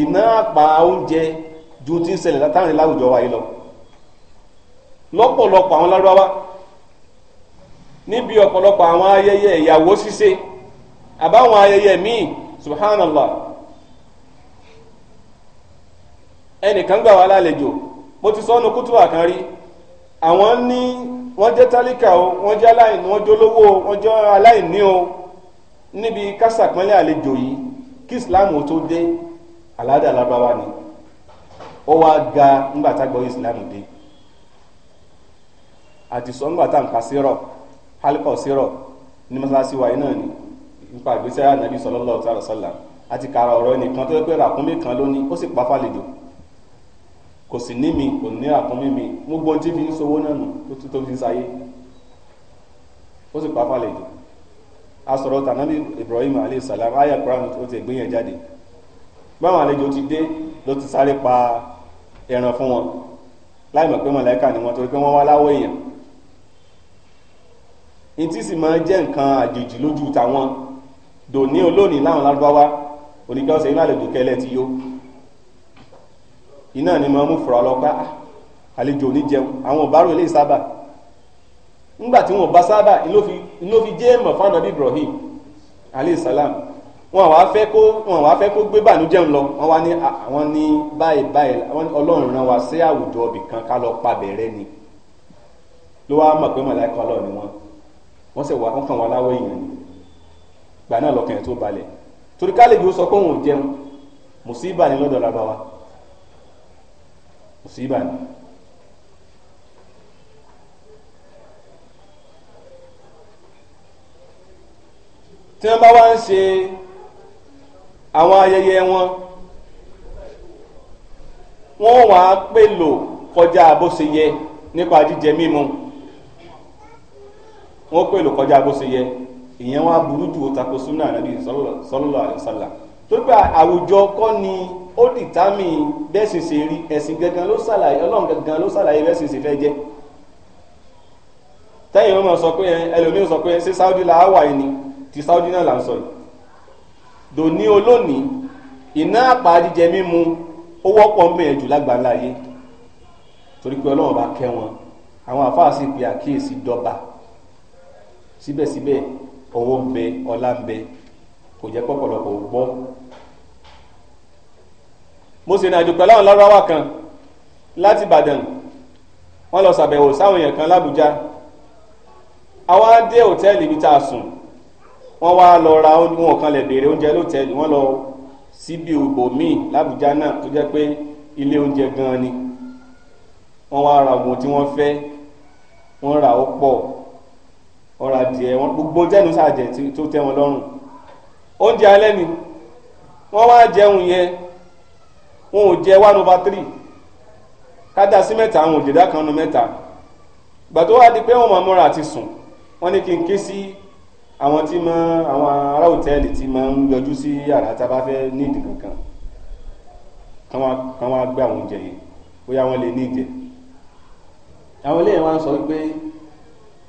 iná àpá oúnjẹ ju ti ń ṣẹlẹ̀ látàrin láwùjọ wa yìí lọ lọ́pọ̀lọpọ̀ àwọn lárúbáwá níbi ọ̀pọ̀lọpọ̀ àwọn ayẹyẹ ìyàwó ṣíṣe àbáwọn ayẹyẹ míì subhanallah ẹnìkan gbà wá lálejò mo ti sọ ọ́nù kútùwà kan rí àwọn ní wọ́n jẹ́ tálíkà o wọ́n jẹ́ aláìní wọ́n jẹ́ olówó o wọ́n jẹ́ aláìní o níbi kásàpínlẹ̀ àlejò yìí kí islam ó tó dé aládàá lábáwá ni ó wá ga nígbà tá a gbọ́ islam dé àti sọ nígbà tá a ń ka sírọ̀ hálíkọ̀ sírọ̀ ní mọ́sálásí wa yìí ni nípa ìgbésẹ̀ ànábì sallallahu ta'ala sallam àti kàrà ọ̀rọ̀ ẹnìkan tó yẹ pé ràkúnmí kan lónìí ó sì pa fàlejò kò sì ní mi kò ní àkúnmí mi mo gbọ́n tí fi ń sowó náà nù tó tó fi ń sayé ó sì pa falẹ̀ jù asọ̀rọ̀ tànábì Ibrahim alayhi salam aya Quran ó ti gbìyàn jáde báwọn àlejò ti dé ló ti sáré pa ẹran fún wọn láì mọ̀ pé mọ̀lẹ́kà ni wọ́n torí pé wọ́n wá láwọ̀ èèyàn ntí sì máa jẹ́ nǹkan àjèjì lójú tàwọn dòní olónìí láwọn lárúbáwá oníkẹ́ ọ̀sẹ̀ iná àlejò kẹlẹ́ ti yó iná ni màá mú fura lọ pé ah, àlejò ò ní jẹun àwọn ọ̀bárò ilé sábà ńgbà tí wọn bá sábà ló fi jẹ́ mọ̀ fún anabi Ibrahim alayhi salam wọn wàá fẹ́ kó wọn wàá fẹ́ kó gbé bànújẹ́ ń lọ wọn wá ní àwọn ní báyìí báyìí ọlọ́run rán wa sí àwùjọ ibì kan ká lọ pa bẹ̀rẹ̀ ni ló wá mọ̀ pé màláìka ọlọ́run ni wọn wọ́n sì wá wọ́n kàn wá láwọ̀ èèyàn ni gbà náà lọ́kàn yẹn tó balẹ̀ torí kálíbi ó sọ pé òun ò jẹun mùsíbà ni lọ́dọ̀ làbá musiba tí wọ́n bá wá ń ṣe àwọn ayẹyẹ wọn wọ́n wà á pè lò kọjá bó ṣe yẹ nípa jíjẹ mímu wọ́n pè lò kọjá bó ṣe yẹ ìyẹn wá burú jù ó tako nàbí sọlọ́lá àlùsálà tó àwùjọ kọ́ ni. ó dìtámì bẹ́sìn ṣe rí ẹ̀sìn gangan ló ṣàlàyé ọlọ́run gangan ló ṣàlàyé bẹ́sìn ṣe fẹ́ jẹ́ tẹ́yìn ọmọ sọ pé ẹlòmíràn sọ pé ṣé Saudi la wà ní ti Saudi náà là ń sọ yìí dòní olónìí iná àpá jíjẹ mímu ó wọ́pọ̀ mẹ́ẹ̀jù lágbàlá yé torí pé ọlọ́run bá kẹ́ wọn àwọn àfáà sì pe àkíyèsí dọ́ba síbẹ̀síbẹ̀ owó ń bẹ ọlá ń bẹ kò jẹ́ pọ̀pọ̀lọpọ̀ gbọ́ mo sì rìnàjò pẹ̀lú àwọn kan láti Ìbàdàn wọ́n lọ sàbẹ̀wò sáwọn èèyàn kan lábújá àwọn adé òtẹ́ẹ̀lì ibi tá a sùn wọ́n wá ra ohun kan lẹ̀ béèrè oúnjẹ lótẹ́ẹ̀lì wọ́n lọ síbi ibòmíì lábújá náà tó jẹ́ pé ilé oúnjẹ gan ni wọ́n wá ra oògùn tí wọ́n fẹ́ wọ́n ra ó pọ̀ ọ̀rọ̀ gbogbo jẹ́nu sàjẹ́ tó tẹ́ wọn lọ́rùn oúnjẹ alẹ́ ni wọn ò jẹ one over three kádà sí mẹ́ta àwọn òjèdá kan nu mẹ́ta gbà tó wá di pé wọn máa múra àti sùn wọn ní kí n ké sí àwọn tí mọ àwọn ará òtẹ́ẹ̀lì tí máa ń yọjú sí yàrá tá a bá fẹ́ ní ìdí kankan kán wá gbé àwọn oúnjẹ yẹn bóyá wọn lè ní ìjẹ àwọn eléyìí wá ń sọ pé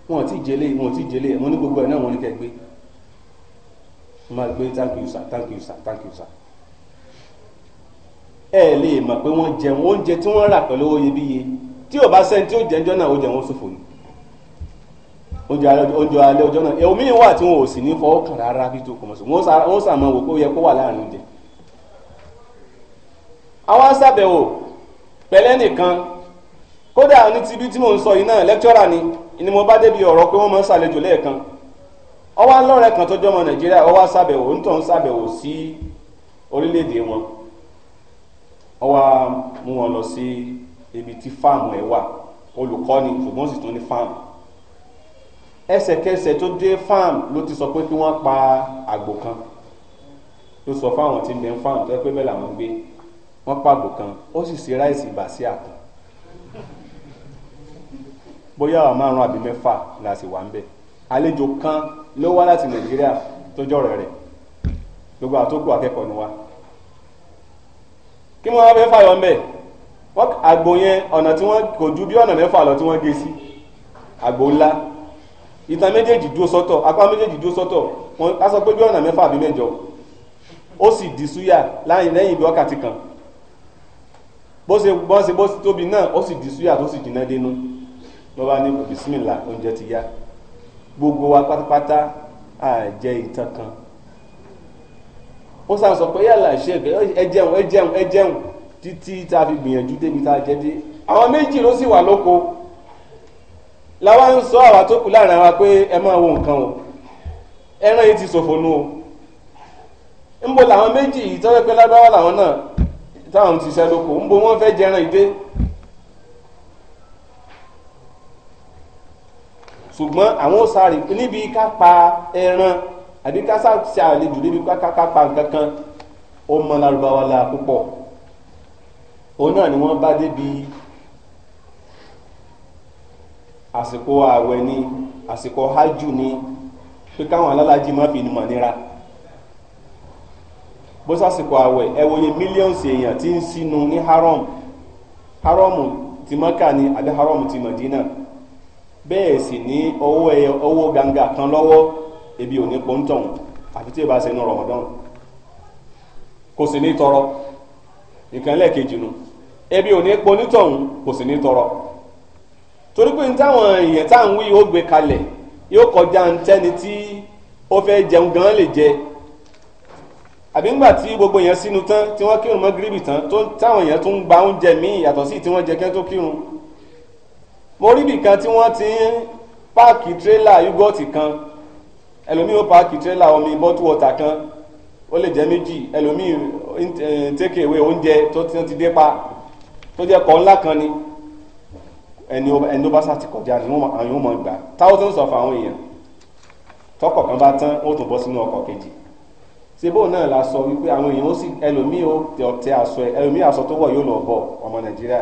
wọn ò tí ì jẹlé wọn ò tí ì jẹlé wọn ní gbogbo ẹ náà wọn ní kẹ gbé wọn máa gbé thank you sir thank you sir thank you sir ẹ lè mọ̀ pé wọ́n jẹun oúnjẹ tí wọ́n rà pẹ̀lú owó iyebíye tí ò bá sẹ́ni tí ó jẹ́ náà ó jẹun ṣòfò ni oúnjẹ alẹ́ ọjọ́ náà ẹ̀wọ̀n wà tí wọn ò sì ní fọwọ́ kàn rárá bí tó kọmọ̀sọ̀ wọ́n sàmọ́ wò pé ó yẹ kó wà láàrin oúnjẹ. àwọn aṣàbẹ̀wò pẹ̀lẹ́ nìkan kódà ní tibí tí mò ń sọ yìí náà lẹ́kítọ́rà ni ni mo bá débi ọ̀rọ̀ pé wọ́n ń lẹ́ẹ̀kan ọwọ́ kan tó jọmọ nàìjíríà ọwọ́ aṣàbẹ̀wò ń ń ó wá mú wọn lọ sí ibi tí fáàmù ẹ̀ wà olùkọ́ ni ṣùgbọ́n sì tún ní fáàmù ẹsẹ̀kẹsẹ̀ tó dé fáàmù ló ti sọ pé kí wọ́n pa àgbò kan ló sọ fáwọn tí ń bẹ ń fáàmù tó yẹ pé bẹ́ẹ̀ làwọn ń gbé wọ́n pa àgbò kan ó sì ṣe ráìsì ìbà sí àkàn bóyá àwọn márùn àbí mẹ́fà la sì wà ń bẹ̀ àlejò kan ló wá láti nàìjíríà tó jọ̀rọ̀ rẹ̀ gbogbo àtòkù akẹ́kọ̀ọ́ ni wa kí wọ́n wá fẹ́ fàyọ̀ mbẹ́ wọ́n àgbò yẹn ọ̀nà tí wọ́n kò ju bí ọ̀nà mẹ́fà lọ tí wọ́n gé sí àgbò ńlá ìtàn méjèèjì dúró sọ́tọ̀ apá méjèèjì dúró sọ́tọ̀ wọ́n á sọ pé bí ọ̀nà mẹ́fà àbí mẹ́jọ ó sì dì súyà lẹ́yìn bí wákàtí kan bó ṣe bó ṣe bó ṣe tóbi náà ó sì dì súyà tó sì jìnnà dénú ló bá ní bisimilá oúnjẹ ti yá gbogbo wa pátápátá àjẹ ìtàn kan ó sá sọ pé yàrá ṣe ẹ jẹun ẹ jẹun ẹ jẹun títí tá a fi gbìyànjú débi tá a jẹ dé àwọn méjì ló sì wà lóko làwa ń sọ àwa tó kù láàrin àwa pé ẹ máa wo nǹkan o ẹran yìí ti ṣòfò nu o ń bo làwọn méjì yìí tọ́jú pé lágbáwá làwọn náà táwọn ti ṣe lóko ń bo wọ́n fẹ́ jẹran ìdé ṣùgbọ́n àwọn ó sáré níbi ká pa ẹran àbí kásá ṣe àlejò débi kákápá nǹkan kan ó mọ lárúbáwá la púpọ̀ òun náà ni wọ́n bá débi àsìkò ààwẹ̀ ni àsìkò hajj ni pé káwọn alálàájì má fi mọ̀ nira bó sásìkò ààwẹ̀ ẹ wòye mílíọ̀nsì èèyàn tí ń sínú ní haram haram ti mọ́kà ni àbí haram ti mọ̀dínà bẹ́ẹ̀ sì ní owó ẹyọ ganga kan lọ́wọ́ ebi ò ní pọ́ńtọ̀n àfi tí ì bá ṣe inú rọ̀mọ̀dán kò sì ní tọrọ nǹkan lẹ́ẹ̀kejì nu ebi ò ní pọ́ńtọ̀n kò sì ní tọrọ torí pé táwọn èèyàn táwọn wí ó gbé kalẹ̀ yóò kọjá ntẹ́ni tí ó fẹ́ jẹun gan lè jẹ àbí ńgbà tí gbogbo èèyàn sínú tán tí wọ́n kírun mọ́ gíríbì tán táwọn èèyàn tún gba oúnjẹ míì yàtọ̀ sí tí wọ́n jẹ kẹ́ tó kírun mo rí ibì kan tí wọ́n ti ń páàkì tírélà yúgọ́ọ̀tì kan ẹlòmíì ó paaki tírélà omi bọ́tù wọ̀tà kan ó lè jẹ́ méjì ẹlòmíì eh, take away oúnjẹ tó ti dé pa tó jẹ́ kọ́ ńlá kan ni ẹni ẹni ó bá sá ti kọjá ni àwọn ọmọ gbà thousands of àwọn èèyàn tọkọ̀ kan bá tán ó tún bọ́ sínú ọkọ̀ kejì síbò náà la sọ wípé àwọn èèyàn ó sì ẹlòmíì ó tẹ aṣọ ẹ ẹlòmíì aṣọ tó wọ̀ yóò lọ bọ̀ ọmọ nàìjíríà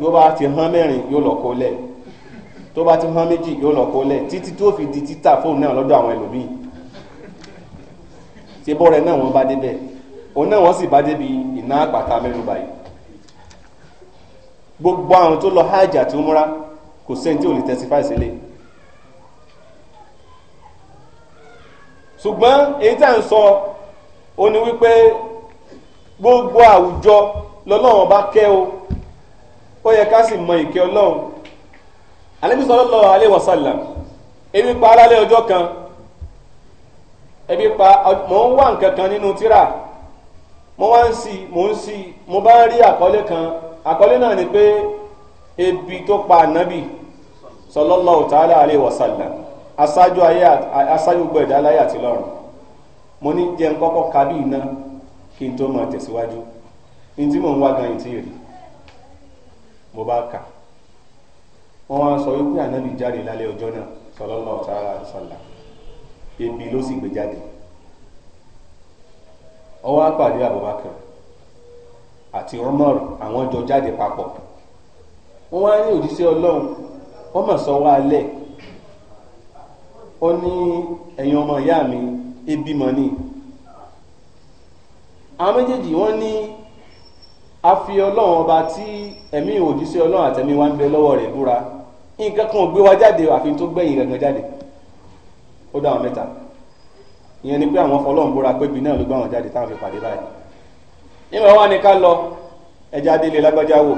bó bá ti hán mẹ́rin yóò lọ kó lẹ̀ tó bá ti hán méjì yóò lọ kó lẹ̀ títí tó fi di títà fóònù náà lọ́dọ̀ àwọn ẹlòmíì tí bọ́ rẹ̀ náà wọ́n bá débẹ̀ òun náà wọ́n sì bá débi iná àpàtà mẹ́nuba yìí gbogbo àwọn tó lọ hajj àti umra kò sẹ́ni tí ò lè testify sílé ṣùgbọ́n èyí tá à ń sọ ó ní wípé gbogbo àwùjọ lọ́lọ́run bá kẹ́ o ó yẹ ká sì mọ ìkẹ́ ọlọ́run anabi sallallahu alaihi wasallam ebi pa alálẹ́ ọjọ́ kan ebi pa mò ń wá nǹkan kan nínú tírà mo wá ń si mo ń si mo bá ń rí àkọlé kan àkọlé náà ni pé ebi tó pa anabi sallallahu ta'ala alaihi wasallam aṣáájú ayé aṣáájú gbẹ̀dá láyé àti lọ́run mo ní jẹ́ ń kọ́kọ́ iná kí n tó máa tẹ̀síwájú ní mò ń wá gan ìtì rè mo bá kà wọ́n wá sọ wípé ànábì jáde lálẹ́ ọjọ́ náà sallallahu ta'ala alaihi wasallam ebi ló sì gbé jáde ó wá pàdé Abubakar àti Umar àwọn jọ jáde papọ̀ wọ́n wá ní òjíṣẹ́ Ọlọ́run wọ́n mọ̀ sọ wá alẹ́ ó ní ẹ̀yin ọmọ ìyá mi ebi mọ̀ ni àwọn méjèèjì wọ́n ní a fi Ọlọ́run ọba tí ẹ̀mí òjíṣẹ́ Ọlọ́run àtẹ̀mí wa ń bẹ lọ́wọ́ rẹ̀ búra nǹkan kan ò gbé wa jáde àfi tó gbẹ̀yìn gangan jáde ó dá àwọn mẹ́ta ìyẹn ni pé àwọn fọlọ́run bóra pé ibi náà ló gbà wọn jáde táwọn fi pàdé báyìí nígbà wọn ni ká lọ ẹja délé lágbájá wò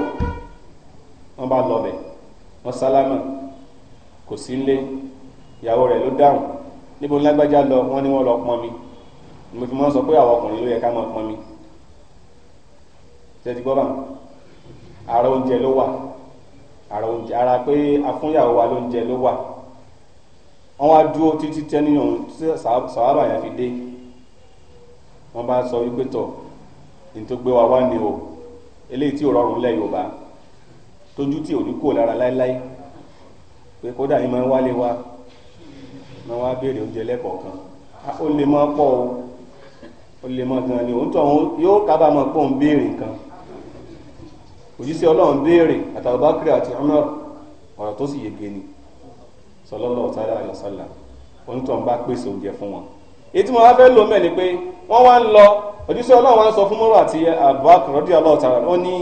wọn bá lọ bẹ wọn sálámà kò sí nlé ìyàwó rẹ̀ ló dáhùn níbo ni lágbájá lọ wọn ni wọn lọ pọn mi mo fi máa ń sọ pé àwọn ọkùnrin ló yẹ ká máa pọn mi ṣe ti gbọ́ bá ààrẹ oúnjẹ ló wà ara ara pé afúnyàwó wa lóúnjẹ ló wà wọ́n wá dúró títí tẹ́ni ọ̀hún tí sàhábà yẹn fi dé wọ́n bá sọ wípé tọ̀ ní tó gbé wa wá ni o eléyìí tí ò rọrùn lẹ́ Yorùbá tójú tí ò ní kúrò lára láéláé pé kódà yín máa ń wálé wa máa wá béèrè oúnjẹ lẹ́kọ̀ọ̀kan ah, ó lè máa pọ̀ o ó lè máa gan ni òun tó òun yóò kábàámọ̀ pọ̀ ń béèrè nǹkan òjíṣẹ́ ọlọ́run béèrè àtàbákìrì àti Umar ọ̀rọ̀ tó sì yege ni sallallahu ta'ala alaihi wasallam onítọ̀hún bá pèsè oúnjẹ fún wọn èyí tí mo wá fẹ́ lò mẹ́ ni pé wọ́n wá ń lọ òjíṣẹ́ ọlọ́run wá ń sọ fún mọ́rọ̀ àti àbákìrì radiyallahu ta'ala ó ní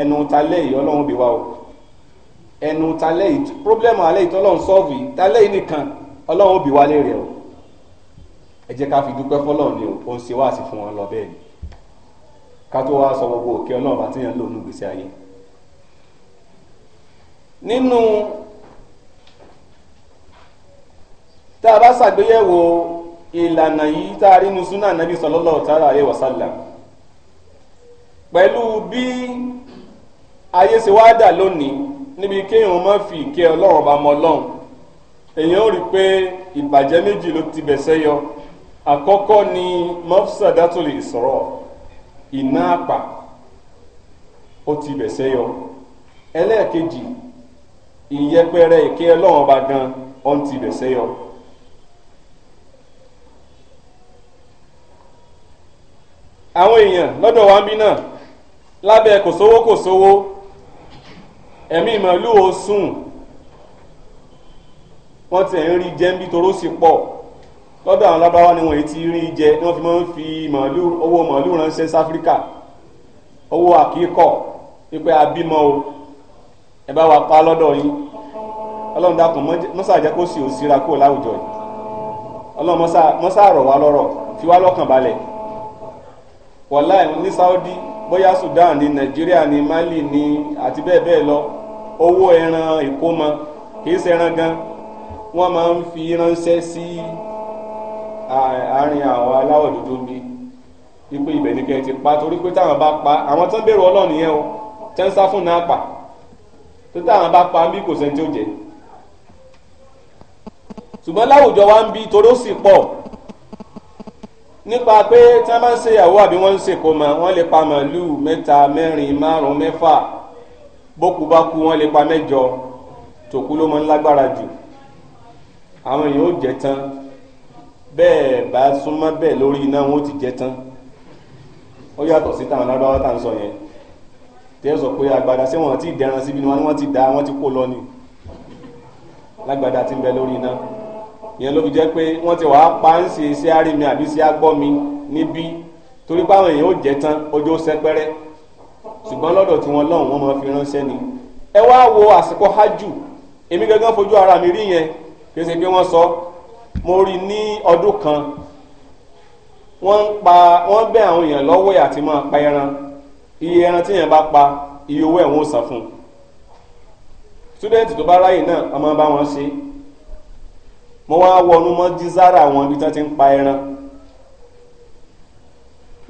ẹnu talẹ́ yìí ọlọ́run bí wa o ẹnu talẹ́ yìí pírọ́blẹ́mù alẹ́ yìí tọ́lọ́run sọ́ọ̀fù yìí talẹ́ yìí nìkan ọlọ́run bí wa lè rẹ̀ o ẹ ká fi dúpẹ́ fọlọ́run ni o ó ń ṣe wáàsí fún wọn lọ bẹ́ẹ̀ ni kátó wá sọ gbogbo òkè ọlọ́run àti yẹn lónú gbèsè ayé nínú tá a bá ṣàgbéyẹ̀wò ìlànà yìí tá a rí nu súnà nàbí sallallahu ta'ala alayhi wa sallam pẹ̀lú bí ayé ṣe wá dà lónìí níbi kéèyàn má fi ìkẹ́ ọlọ́run bá mọ ọlọ́run èèyàn ò rí pé ìbàjẹ́ méjì ló ti bẹ̀ sẹ́yọ àkọ́kọ́ ni mafsadatul israr iná àpà ó ti bẹ̀ sẹ́yọ ẹlẹ́ẹ̀kejì ìyẹpẹrẹ ìké ọlọ́run ọba gan ó ti bẹ̀ sẹ́yọ. àwọn èèyàn lọ́dọ̀ wa ń bí náà lábẹ́ kò sówó kò sówó ẹ̀mí ìmọ̀lú ò sùn wọ́n ti ń rí jẹ́ńbí toró sì pọ̀ lọ́dọ̀ àwọn lábáwá ni wọ́n yìí ti rí jẹ ni wọ́n fi máa ń fi màálù owó màálù ránṣẹ́ sí áfíríkà owó àkíkọ̀ wípé abímọ o ẹ bá wa pa lọ́dọ̀ yìí ọlọ́run dákun mọ́sá jẹ́ kó sì ó síra kúrò láwùjọ yìí ọlọ́run mọ́sá rọ̀ wá lọ́rọ̀ fi wá lọ́kàn balẹ̀ wàláì ní Saudi bóyá Sudan ní Nàìjíríà ní Mali ní àti bẹ́ẹ̀ bẹ́ẹ̀ lọ owó ẹran ìkómọ kì í ṣe ẹran gan wọ́n máa ń fi ránṣẹ́ sí. Si, àárín àwọn aláwọ̀ dúdú ń bí wípé ibẹ̀ ni kẹ́ ẹ ti pa torí pé táwọn bá pa àwọn tó ń bèrò ọlọ́ọ̀ni yẹn o tẹ́ ń sá fún náà pa tó táwọn bá pa bí kò sẹ́ni tí ó jẹ́ ṣùgbọ́n láwùjọ wa ń bí torí ó sì pọ̀ nípa pé tí wọ́n bá ń ṣèyàwó àbí wọ́n ń ṣèkó mọ́ wọ́n lè pa màálùú mẹ́ta mẹ́rin márùn-ún mẹ́fà bókú bá kú wọ́n lè pa mẹ́jọ tòkú ló mọ́ ń jù àwọn èèyàn ó jẹ tán bẹ́ẹ̀ bá súnmọ́ bẹ́ẹ̀ lórí iná wọn ó ti jẹ tán ó yàtọ̀ sí táwọn alábáwá tá à ń sọ yẹn tẹ́ sọ pé agbada ṣé wọ́n ti dẹran síbi ni wọ́n ti dá wọ́n ti kó lọ ni lágbada ti ń bẹ lórí iná yẹn ló fi jẹ́ pé wọ́n ti wàá pa ń ṣe iṣẹ́ àrími àbí iṣẹ́ agbọ́ mi níbí torí pé àwọn èèyàn ó jẹ tán ojú ó sẹpẹrẹ ṣùgbọ́n lọ́dọ̀ tí wọ́n lọ́hùn wọ́n máa fi ránṣẹ́ ni ẹ wá wo àsìkò hajj èmi gangan fojú ara mi rí yẹn kí ẹ ṣe pé wọ́n sọ mo rí ní ọdún kan wọ́n ń pa wọ́n bẹ́ àwọn èèyàn lọ́wọ́ ẹ̀ àti máa pa ẹran iye ẹran tí èèyàn bá pa iye owó ẹ̀ wọ́n san fún un student tó bá ráyè náà a máa bá wọn ṣe mo wá wọnú mọ́ dísára àwọn ibi tí wọ́n ti ń pa ẹran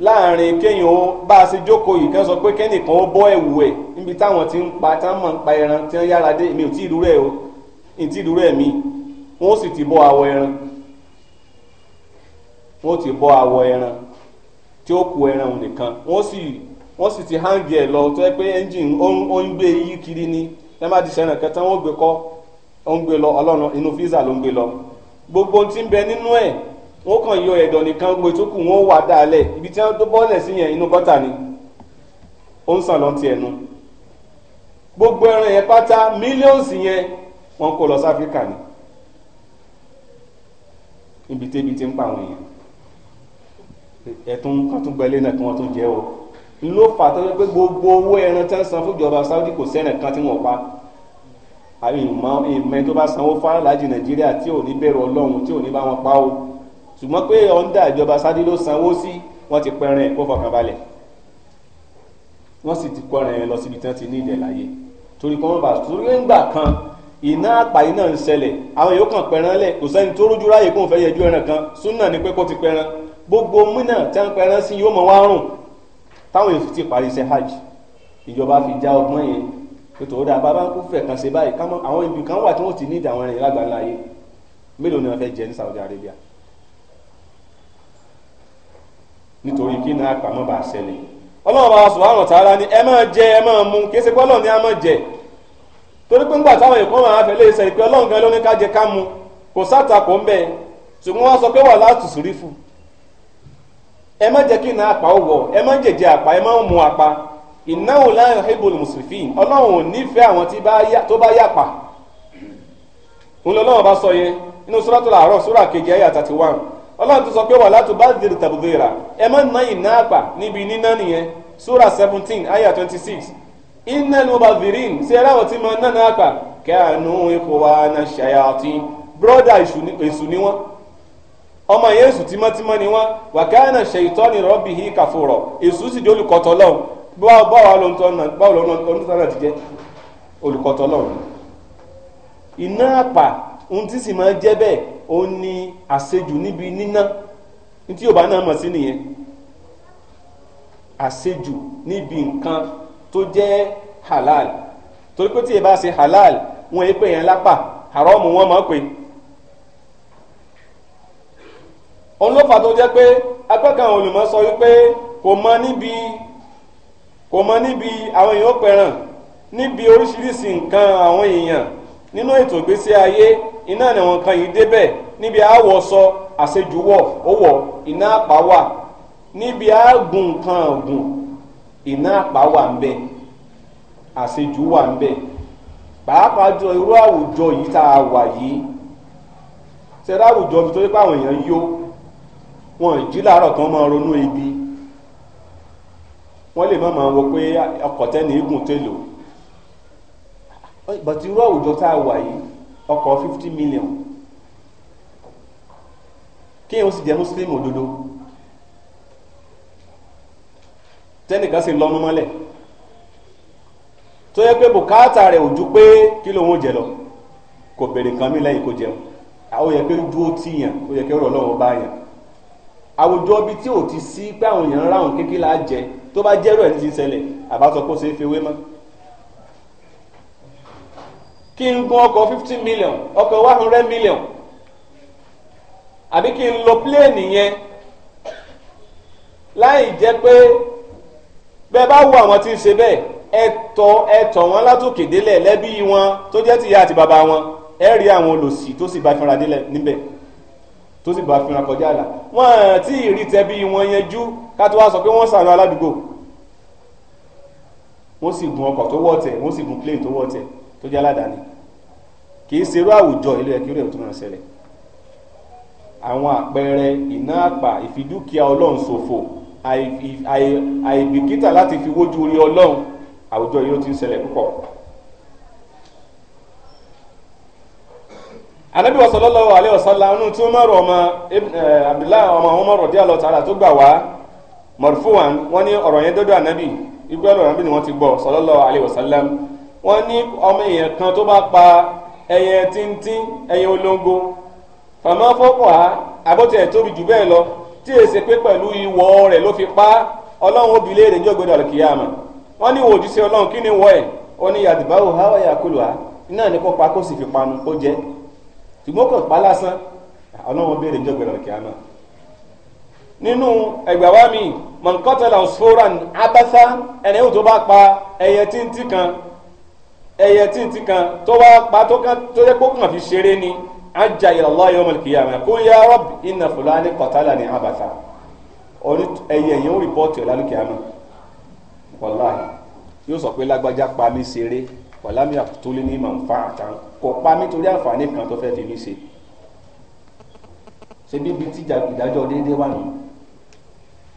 láàrin kéèyàn ó bá a ṣe jókòó yìí kán sọ pé kẹ́nìkan ó bọ́ ẹ̀wù ẹ̀ níbi táwọn ti ń pa táwọn máa ń pa ẹran tí wọ́n yára dé èmi ò tí ì dúró ẹ̀ o ì tí ì dúró ẹ̀ mi wọ́n sì ti bọ́ awọ ẹran tí ó ku ẹran nìkan wọ́n sì wọ́n ti hangi ẹ̀ lọ tó yẹ pé ẹ́ńjìn ó gbé yí kiri ní lẹ́mà ti sẹ́ràn kẹta wọ́n gbé kọ́ ó lọ ọlọ́run inú fíìsà ló ń gbé lọ gbogbo ti ń bẹ nínú ẹ̀ wọ́n kàn yọ ẹ̀dọ̀ nìkan gbé tó wà ibi tí wọ́n tó sí yẹn inú gọ́tà ni ó ibi tébi ti ń pa àwọn èèyàn ẹ̀tún kan tún gbẹ́lé náà kí wọ́n tún jẹ́ o ló fà tó yẹ pé gbogbo owó ẹran tí wọ́n san fún ìjọba Saudi kò sẹ́nà kan tí wọ́n pa àmì ìmọ̀ ìmọ̀ tó bá sanwó fáráàlájì Nàìjíríà tí ò ní bẹ̀rù Ọlọ́run tí ò ní bá wọn pa o ṣùgbọ́n pé ọ̀ndà ìjọba Saudi ló sanwó sí wọ́n ti pẹ́ran ẹ̀ kó fọkàn wọ́n sì ti kọ́ran ẹ̀ lọ síbi tí wọ́n ti ní ìdẹ̀ láyé torí kọ́ torí ńgbà kan iná àpàyí náà ń ṣẹlẹ̀ àwọn yòókù kan pẹran lẹ̀ kò sẹ́ni tó rójú ráyè kóun fẹ́ yẹjú ẹran kan súnà ni pé kó ti pẹran gbogbo múnà tí wọ́n pẹran sí yóò mọ̀ wá rùn táwọn èèyàn sì ti parí iṣẹ́ hajj ìjọba fi já ọgbọ́n yẹn ètò ọ̀dà bàbá ń kú fẹ̀ kan ṣe báyìí kámọ́ àwọn ibi kan wà tí wọ́n ti ní ìdàwọn ẹ̀rìn lágbàlá yìí mélòó ni wọ́n fẹ́ jẹ ní Saudi Arabia nítorí kí náà pàmò bá ṣẹlẹ̀ ọlọ́run bá wa subhanahu wa ta'ala ni ẹ torí pé ńgbà táwọn èèkàn máa fẹ́ lè sẹ ìpè ọlọ́run gan ló ní ká mu kò sátakò ń bẹ ṣùgbọ́n wọ́n sọ pé wà látù sùrífù ẹ má jẹ́ kí iná ó wọ̀ ẹ má jẹ̀jẹ̀ àpá ẹ má mu àpá ìnáwó láyọ̀ hebron ọlọ́run ò nífẹ̀ẹ́ àwọn tó bá yàpá lọ́wọ́ bá sọ sura ayé àtàtì iná ni mubadhirin si aláwọ̀ tí máa náà náà pa kẹ́hánú ikhwana shayatin ni wọ́n ọmọ yẹn èṣù ni wọ́n wa kana shaytani rabbihi di báwo báwo ti jẹ́ olùkọ́tọ̀ lọ́wọ́ iná àpà ohun tí sì máa jẹ́ bẹ́ẹ̀ ó ní àṣejù níbi níná tí Yorùbá náà sí nìyẹn tó jẹ́ halal torí pé tí ẹ bá ṣe halal wọn èé pè yẹn lápà haramu wọn máa pè òun ló fà tó jẹ́ pé apá kan olùmọ̀ sọ wípé kò mọ níbi kò mọ níbi àwọn èèyàn pẹ̀ràn níbi oríṣiríṣi nǹkan àwọn èèyàn nínú ètò ìgbésí ayé iná ni wọn kan yìí débẹ̀ níbi àwọ̀ sọ àṣejù wọ̀ ó wọ̀ iná àpá wà níbi àgùn kan gùn iná àpá wà ń bẹ àṣejù wà ń bẹ pàápàá jọ irú àwùjọ yìí tá a wà yìí ṣẹlẹ àwùjọ tó yẹ pé àwọn èèyàn yó wọn jí làárọ̀ kan máa ronú ibi wọ́n lè má máa wọ pé ọkọ̀ tẹ́ni eégún tèlò bàtí irú àwùjọ tá a wà yìí ọkọ̀ fifty million kí n ó sì jẹ́ muslim òdodo. tẹ́nìkan sì lọ́nu mọ́lẹ̀ tó yẹ pé bùkátà rẹ̀ ò ju pé kí lòun ò jẹ lọ kò béèrè nǹkan mi lẹ́yìn kó jẹun àwọn yẹ pé dúró tì yàn ó yẹ kí ọ̀rọ̀ Ọlọ́run bá yàn àwùjọ ibi tí ò ti sí pé àwọn èèyàn ráhùn kékeré jẹ tó bá jẹ́rú ẹ̀ ti ṣẹlẹ̀ àbá fewé mọ́ kí n fifty million ọkọ̀ one hundred million àbí kí n lo pléènì yẹn láì pé tẹ bá wo àwọn tí ń ṣe bẹ́ẹ̀ ẹ̀tọ́ ẹ̀tọ́ wọn látòkè délẹ̀ lẹ́bí wọn tó jẹ́ tìyá àti bàbá wọn ẹ rí àwọn olòṣì tó sì bá fínra délẹ̀ níbẹ̀ tó sì bá fínra kọjá àlà wọn tí ì rí tẹbí wọn yanjú ká tó wá sọ pé wọ́n sànú aládùúgbò wọ́n sì gun ọkọ̀ tó wọ̀tẹ̀ wọ́n sì gun plane tó wọ̀tẹ̀ tó jẹ́ aládàáni kì í ṣerú àwùjọ ilé ẹ̀kí rẹ̀ tó máa ṣẹlẹ̀ àwọn àpẹẹrẹ ìná àpà ìfidúkìá ọlọ́run ṣòfò àìbìkítà láti fi wójú orí ọlọ́run àwùjọ yìí ó ti ń ṣẹlẹ̀ púpọ̀. anabi wasalọlọ alẹ wasala anu tí umaru ọmọ abdullahi ọmọ umaru ọdí alọ tààrà tó gbà wá marfuwan wọ́n ní ọ̀rọ̀ yẹn dọdọ anabi igbó ọ̀rọ̀ anabi ni wọ́n ti gbọ́ sọlọlọ alẹ wasalam wọ́n ní ọmọ èèyàn kan tó bá pa ẹyẹ tíntín ẹyẹ olóńgó fàmọ fọkọ ha àbọtẹ tóbi jù bẹ́ẹ̀ tí èsè pé pẹ̀lú ìwọ̀ rẹ̀ ló fi pa ọlọ́run ó bi ní ògbéni ọ̀lùkìyàmà wọ́n ní ọlọ́run kí ni wọ́ ẹ̀ ó ní yàdùbáwò háwà yàkúlù iná ní kó pa kó sì fi panu pa lásán ọlọ́run ní nínú wa mi mọ̀nkọ́tẹ̀lá abáfá fi ṣeré ni ajja ila Allah yawm al-qiyamah kó ya rabbi inna fulani qatalani abatha ọ̀nì ẹ̀yẹ yẹn ó rìpọ́ọ̀tì ọ̀la lùkìyàmà wàláhì yóò sọ pé lágbájá pa mí ṣeré wàlámì àtúlé ní màǹfà àtàn kò pa mí torí àǹfààní kan tó fẹ́ fi mí ṣe ṣe bíbi tí ìdájọ́ déédéé wà nù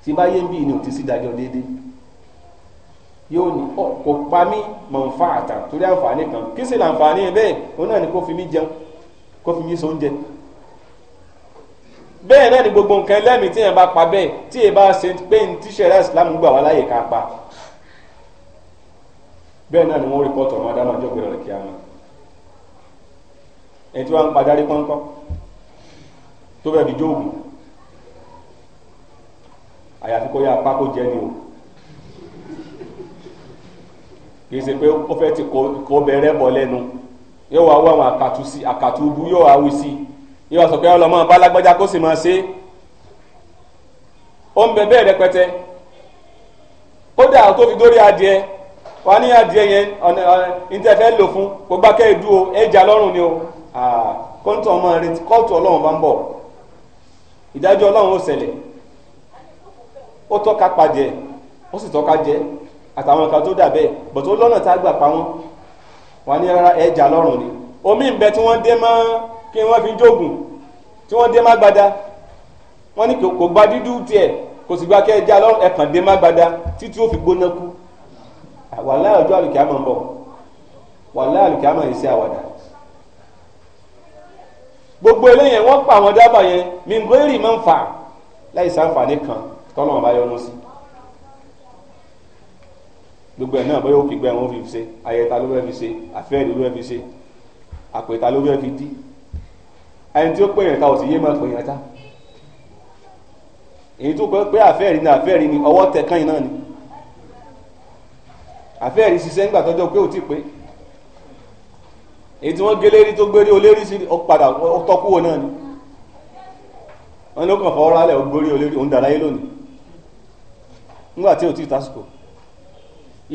tí bá yé ń bí ni ò ti sí ìdájọ́ déédéé yóò ní ọ kò pa mí màǹfà àtàn torí àǹfààní kan kí sì làǹfààní bẹ́ẹ̀ òun náà ni kó fi mí jẹun kó fi yín so oúnjẹ bẹ́ẹ̀ náà ni gbogbo nǹkan ẹlẹ́mìí tí yẹn bá pa bẹ́ẹ̀ tí yẹn bá ṣe pé ní tíṣẹ̀rẹ́ ìsìlámù gbà wá láyè ká pa bẹ́ẹ̀ náà ni wọ́n rìpọ́tù ọmọ adámọ̀ ọjọ́ gbèrò rẹ̀ kí á mọ̀ ẹni tí wọ́n ń padà pọ́npọ́n tó bẹ́ẹ̀ bí jóògùn àyàfi kó yá apá kó jẹ ni o kì í ṣe pé ó fẹ́ ti kó bẹ̀rẹ̀ bọ̀ lẹ́nu yóò wá wọ àwọn àkàtú sí àkàtú bú yóò wá wí sí yóò wá sọ pé ọlọmọ abálágbájá kó sì máa ṣe é ó ń bẹ bẹ́ẹ̀ rẹpẹtẹ kódà tó fi dórí adìẹ wà ní adìẹ yẹn ọ̀nà ìtẹ̀fẹ́ lò fún kó gbá kẹ́ẹ̀dú o ẹja lọ́rùn ni o kóńtò ọmọ rẹ kóòtù ọlọ́run bá ń bọ̀ ìdájọ́ ọlọ́run ó ṣẹlẹ̀ ó tọ́ka pàjẹ́ ó sì tọ́ka jẹ́ àtàwọn kan tó dà bẹ́ẹ̀ bọ̀tó lọ́nà tá a gbà pa wọ́n wọ́n ní rárá ẹja lọ́rùn ni omi ń bẹ tí wọ́n dé mọ́ kí wọ́n fi jogun tí wọ́n dé má gbada wọ́n ní kò gba dídú tiẹ̀ kò sì gba kẹ́ ẹja lọ́rùn ẹ̀kàn dé má gbada títí ó fi gbóná kú wàláhì ọjọ́ àlùkìyámọ̀ ń bọ̀ wàláhì àlùkìyámọ̀ yìí sí àwàdà gbogbo eléyẹn wọ́n pa àwọn dábàá yẹn mìngóyèrè máa ń fà láì sáǹfààní kan tọ́lọ́mọba yọnu sí gbogbo ẹ̀ náà bóyá ó fi gbẹ wọn fi ṣe ayẹta ló fẹ́ fi ṣe àfẹ́ẹ̀dì ló fẹ́ fi ṣe àpẹta ló fẹ́ fi dí ẹni tí ó pè yàn ta ò sì yé máa pè yàn ta èyí tó pé àfẹ́ẹ̀rí ni àfẹ́ẹ̀rí ni ọwọ́ tẹ̀ kán iná ni àfẹ́ẹ̀rí ṣiṣẹ́ nígbà tọ́jọ́ pé ò tí pé èyí tí wọ́n gé lérí tó gbérí olérí sí padà tọ́kúwò náà ni wọ́n ló kàn fọwọ́ rálẹ̀ ó gbórí olérí òun dàráyé lónìí nígbà tí ò tí tásìkò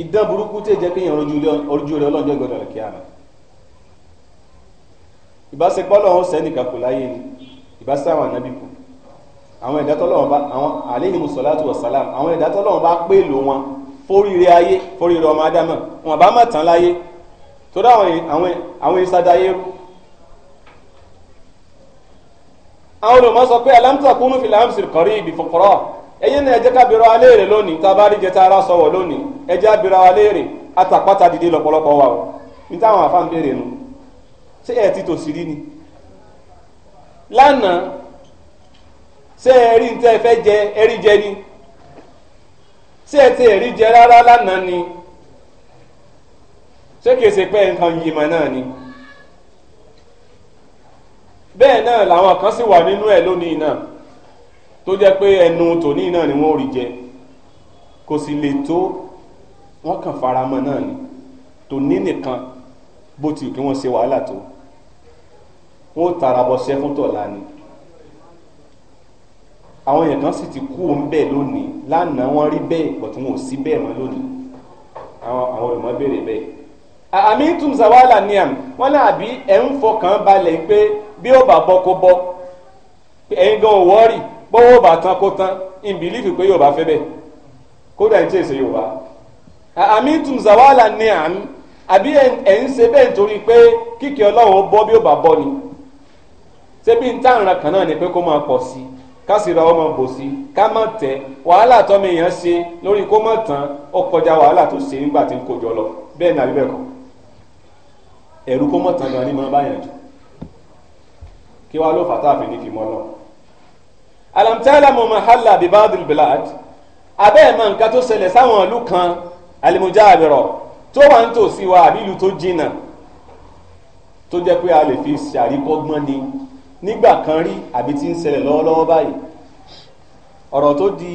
ìdán burúkú tẹ̀ jẹ́ kéèyàn ojú rẹ̀ ọlọ́jọ́ gbọdọ̀ rẹ̀ kíá ìbáṣepọ̀ lọ́wọ́ sẹ́nìkan kò láyé ni ìbáṣepọ̀ àwọn ànábì kù àwọn ẹ̀dá tọ́lọ́wọ́n bá àwọn àléhìn mùsọ̀látù wọ̀sálàm àwọn ẹ̀dá tọ́lọ́wọ́n bá pé lò wọn fóríire ayé fóríire ọmọ ádámọ̀ wọn bá má tán láyé torí àwọn àwọn àwọn ìsàdáyé rú. àwọn olùmọ̀ sọ pé alámùtàkùnú fìlà àmsìrì kọ́rí ibi fọ̀kọ́rọ́ ẹ̀yin náà ẹ jẹ́ ká bira wa léèrè lónìí tá a bá rí jẹ tá a rà sọ̀wọ̀ lónìí ẹ jẹ́ bira wa léèrè atàpátá dìde lọ́pọ̀lọpọ̀ wa o ní táwọn àfáàn béèrè nu ṣé ẹ ti tòsí rí ni lánàá ṣé ẹ rí ní tẹ́ ẹ fẹ́ jẹ ẹ rí jẹ ni ṣé ẹ ti ẹ rí jẹ rárá lánàá ni ṣé kìí ṣe nǹkan yìí mà náà ni bẹ́ẹ̀ náà làwọn kan sì wà nínú ẹ̀ lónìí náà tó jẹ́ pé ẹnu tòní náà ni wọ́n rí jẹ kò sì lè tó wọ́n kàn faramọ́ náà ni tòní nìkan bó ti kí wọ́n ṣe wàhálà tó wọ́n tara bọ́ṣẹ́ fún tọ̀la ni àwọn èèyàn kan sì ti kú òun bẹ́ẹ̀ lónìí lánàá wọ́n rí bẹ́ẹ̀ pọ̀ tí ò sí bẹ́ẹ̀ mọ́ lónìí àwọn àwọn olùmọ̀ béèrè bẹ́ẹ̀. àmì tún zawala ni àmì wọn náà àbí ẹ̀ ń fọkàn balẹ̀ pé bí ó bá bọ́ kó bọ́ ẹ̀yin gan wọ́ọ̀rì bọ́wọ́ bá tán kó tán in believe pé yorùbá fẹ́ bẹ́ẹ̀ kódà ń tẹ̀sẹ̀ yorùbá àmì tùmùsàwálà ní àmì àbí ẹ̀ ń ṣe bẹ́ẹ̀ nítorí pé kíkẹ́ ọlọ́run bọ́ bí ó bá bọ́ ni ṣebí ń tàn ràn kàn náà ni pé kó máa pọ̀ sí ká sì ra ọmọ bò sí ká má tẹ̀ wàhálà tọ́mọ èèyàn ṣe lórí kó má tán ó kọjá wàhálà tó ṣe nígbà tí ń kojọ lọ bẹ́ẹ̀ ni àbí bẹ́ẹ̀ kọ́ ẹ̀rú kó má tán gan ni mo bá yàn jù kí wàá ló fàtà àfi ní fi mọ́ náà alamtala mọ̀mọ́ hàlà bíbáàdì bilad abẹ́ẹ̀ mọ̀ nǹkan tó ṣẹlẹ̀ sáwọn ìlú kan alimuja abirọ̀ tó wà ń tòsí wa àbí ìlú tó jìnnà tó jẹ́ pé a lè fi ṣàríkọ́gbọ́n ni nígbà kan rí àbí tí ń ṣẹlẹ̀ lọ́wọ́lọ́wọ́ báyìí ọ̀rọ̀ tó di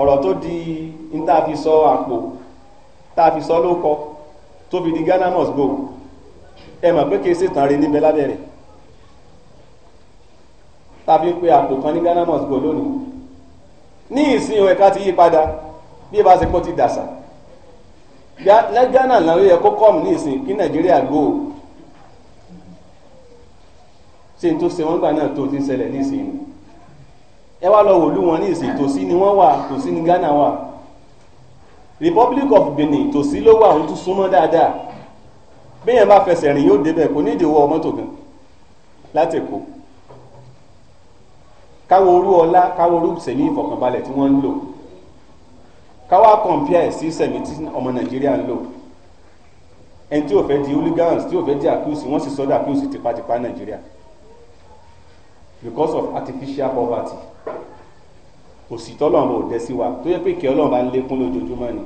ọ̀rọ̀ tó di ń tá a fi sọ di Ghana must go ẹ mọ̀ pé kí n ṣètàn rẹ tàbí pé àpò kan ní Ghana mosque lónìí ní ìsìn ẹ̀ka ti yí padà bí ẹ bá ṣe pọ́ ti dàsà Ghana làwọn yẹ kó kọ́ọ̀mù ní ìsìn kí Nàìjíríà gbòó ṣe n tó ṣe wọn gbà náà tó ti ń ṣẹlẹ̀ ní ìsìn ni ẹ wá lọ wòlú wọn ní ìsìn tòsí ni wọ́n wà tòsí ni Ghana wà Republic of Benin tòsí ló wà òun tún súnmọ́ dáadáa bí yẹn bá fẹsẹ̀ rìn yóò débẹ̀ kò ní ìdíwọ́ mọ́tò gan láti Èkó. káwọ orú ọlá káwọ orú sẹ̀mí ìfọ̀kànbalẹ̀ tí wọ́n ń lò káwá compare sí sẹ̀mí tí ọmọ nàìjíríà ń lò ẹni tí ò fẹ́ di hooligans tí ò fẹ́ di accuse wọ́n sì sọ́dọ̀ accuse tipátipá nàìjíríà because of artificial poverty òsì tọ́lọ́mọ ò dẹ́ sí wa tó yẹ pé kí ọlọ́mọ bá ń lékún lójoojúmọ́ ni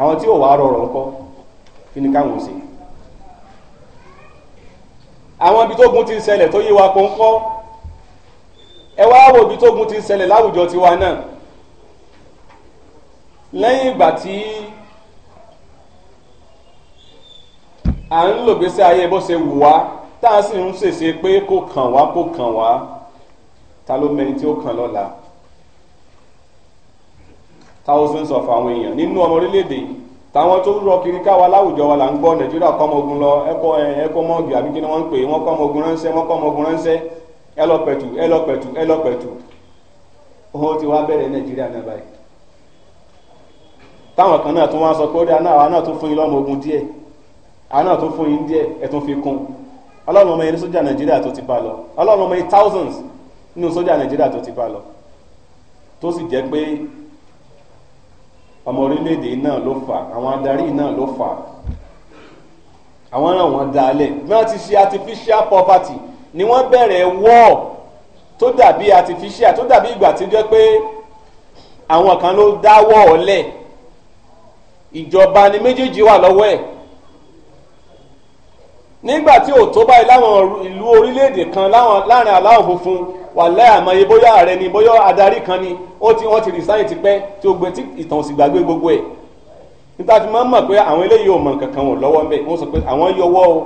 àwọn tí ò wá rọrọ̀ ńkọ́ kí ni káwọn ṣe àwọn ibi tó gun ti ń ṣẹlẹ̀ tó yé wa kó ń kọ́ ẹ wá wo ibi tógun ti ń ṣẹlẹ̀ láwùjọ tiwa náà lẹ́yìn ìgbà tí à ń lògbèsè ayé bó ṣe wù wá tá a sì ń ṣèṣe pé kò kàn wá kò kàn wá ta ló mẹni tí ó kàn lọ́la thousands of àwọn èèyàn nínú ọmọ orílẹ̀-èdè yìí táwọn tó rọ kiri káwa láwùjọ wa là ń gbọ́ nàìjíríà kọ́ ọmọ ogun lọ ẹ̀kọ́ ẹ̀kọ́ mọ́ọ̀gì àbí kí ni wọ́n ń pè wọ́n kọ́ ogun ránṣẹ́ wọ́n kọ́ ogun ránṣẹ́ ẹ lọ pẹ̀tù ẹ lọ pẹ̀tù ẹ lọ pẹ̀tù òun ti wá bẹ̀rẹ̀ nàìjíríà náà báyìí táwọn kan náà tún wá sọ pé ó dá náà àwọn náà tún fún yín lọ́mọ ogun díẹ̀ àwọn náà tún fún yín díẹ̀ ẹ̀ tún fi kún ọlọ́run ọmọ yẹn ní sójà nàìjíríà tó ti bá lọ ọlọ́run ọmọ yẹn thousands nínú sójà nàìjíríà tó ti bá lọ tó sì jẹ́ pé ọmọ orílẹ̀-èdè náà ló fà àwọn adarí náà ló fà àwọn náà wọ́n dalẹ̀ bí wọ́n ti ṣe artificial property ni wọ́n bẹ̀rẹ̀ wọ́ọ̀ tó dàbí artificial tó dàbí ìgbà tó jẹ́ pé àwọn kan ló dá wọ́ọ̀ lẹ̀ ìjọba ni méjèèjì wà lọ́wọ́ ẹ̀ nígbà tí ò tó báyìí láwọn ìlú orílẹ̀-èdè kan láàrin aláwọ̀ funfun wàlẹ́ àmọye bóyá ààrẹ ni bóyá adarí kan ni ó ti wọ́n ti resign ti pẹ́ tí ó gbé tí ìtàn òsì gbàgbé gbogbo ẹ̀ níta fi máa ń mọ̀ pé àwọn eléyìí ò mọ̀ kankan wọ̀ lọ́wọ́ mbẹ́ wọ́n sọ pé àwọn yọwọ́ o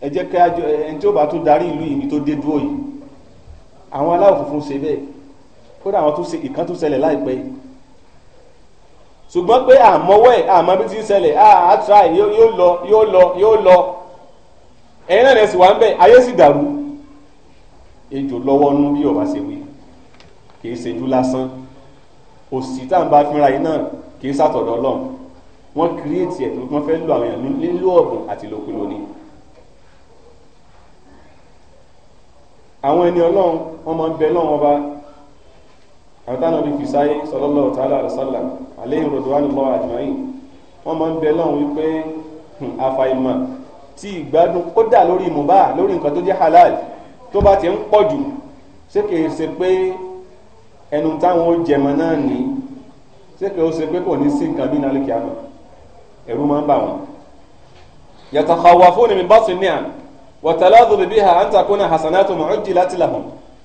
ẹ jẹ́ kí ajọ ẹni tí ó bá tó darí ìlú yìí tó dé dúró yìí àwọn aláwọ̀ funfun ṣe bẹ́ẹ̀ kódà àwọn tó ṣe ìkan tó ṣẹlẹ̀ láìpẹ́ yìí ṣùgbọ́n pé àmọ́wọ́ ẹ̀ àmọ́ bí ti ń ṣẹlẹ̀ àá try yóò lọ yóò lọ yóò lọ ẹ̀yin náà lẹ́sìn wá ń bẹ̀ ayé sì dàrú ejò lọ́wọ́ nú bí ọba ṣe wí kì í ṣe ju lásán òsì tá à ń bá fínra yìí náà kì í ṣàtọ̀dọ̀ ọlọ́run wọ́n kírètì ẹ̀ tó wọ́n fẹ́ lo àwọn èèyàn nílò ọ̀gùn àti lòkulò ni. àwọn ẹni ọlọ́run wọn máa ń bẹ lọ́wọ́n ọba àwọn táwọn bí fìsáyé sọlọ́lọ́ tààlà àlùsálà àléhìn rọ̀dùwánì lọ́wọ́ àjùmáyìn wọn máa ń bẹ lọ́wọ́n wípé hmm, àfàìmọ̀ tí ìgbádùn kódà lórí ìmùbá lórí nǹkan tó jẹ́ halal tó bá ti ń pọ̀ jù ṣé kìí ṣe pé ẹnu táwọn ó jẹmọ náà ní ṣé kìí ó ṣe pé kò ní sí nǹkan bí nálẹ́ kíá ẹ̀rù máa ń bà wọ́n yàtọ̀ wọ̀tàládùn bíi ha àǹtà kúnà hasanatu mọ̀ọ́jì láti làhùn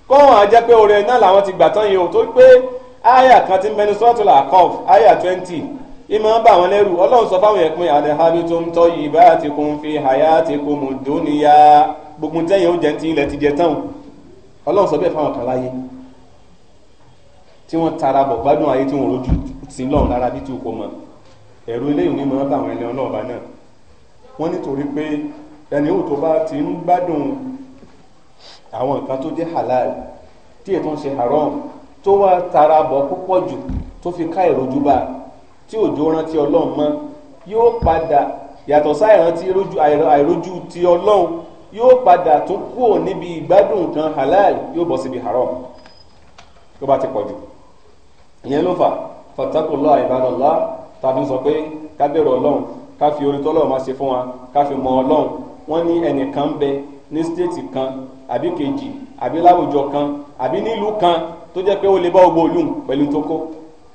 kọ́ wọn àjẹ́ pé oore náà làwọn ti gbà tán yìí o torí pé àyà kan ti mẹnu sọ́tùlà àkọ́f àyà twenty ìmọ̀ bá wọn lẹ́rù ọlọ́run sọ fáwọn ẹ̀pin àdé habitum tayyibatikum fi hayatikum dunya gbogbo tẹ́yìn ó ti ilẹ̀ ti jẹ tán ọlọ́run sọ bẹ́ẹ̀ fáwọn kan láyé tí wọ́n tara bọ̀ gbádùn ayé tí wọ́n rojú sí lọ́run lára bí tí o kò mọ̀ ẹ̀rù eléyìí ní bá àwọn ẹlẹ́wọ̀n náà bá náà wọ́n nítorí pé ẹni ó tó bá ti ń gbádùn àwọn nǹkan tó jẹ́ halal tí ètò ń ṣe haram tó wá tara bọ̀ púpọ̀ jù tó fi ká ìrojú bá tí òjò rántí ọlọ́run mọ́ yóò padà yàtọ̀ sáìrántí àìrojú ti ọlọ́run yóò padà tún kúrò níbi ìgbádùn nǹkan halal yóò bọ̀ síbi haram tó bá ti pọ̀ jù ìyẹn ló fà fàtàkùnlọ àìbádọ́lá tàbí sọ pé ká bẹ̀rù ọlọ́run ká fi orin tọ́lọ́run máa ṣe fún wa ká fi mọ ọlọ́run wọ́n ní ẹnìkan bẹ ní stéètì kan àbí kejì àbí láwùjọ kan àbí nílùú kan tó jẹ́ pé ó lè bá ogbó olú pẹ̀lú tó kó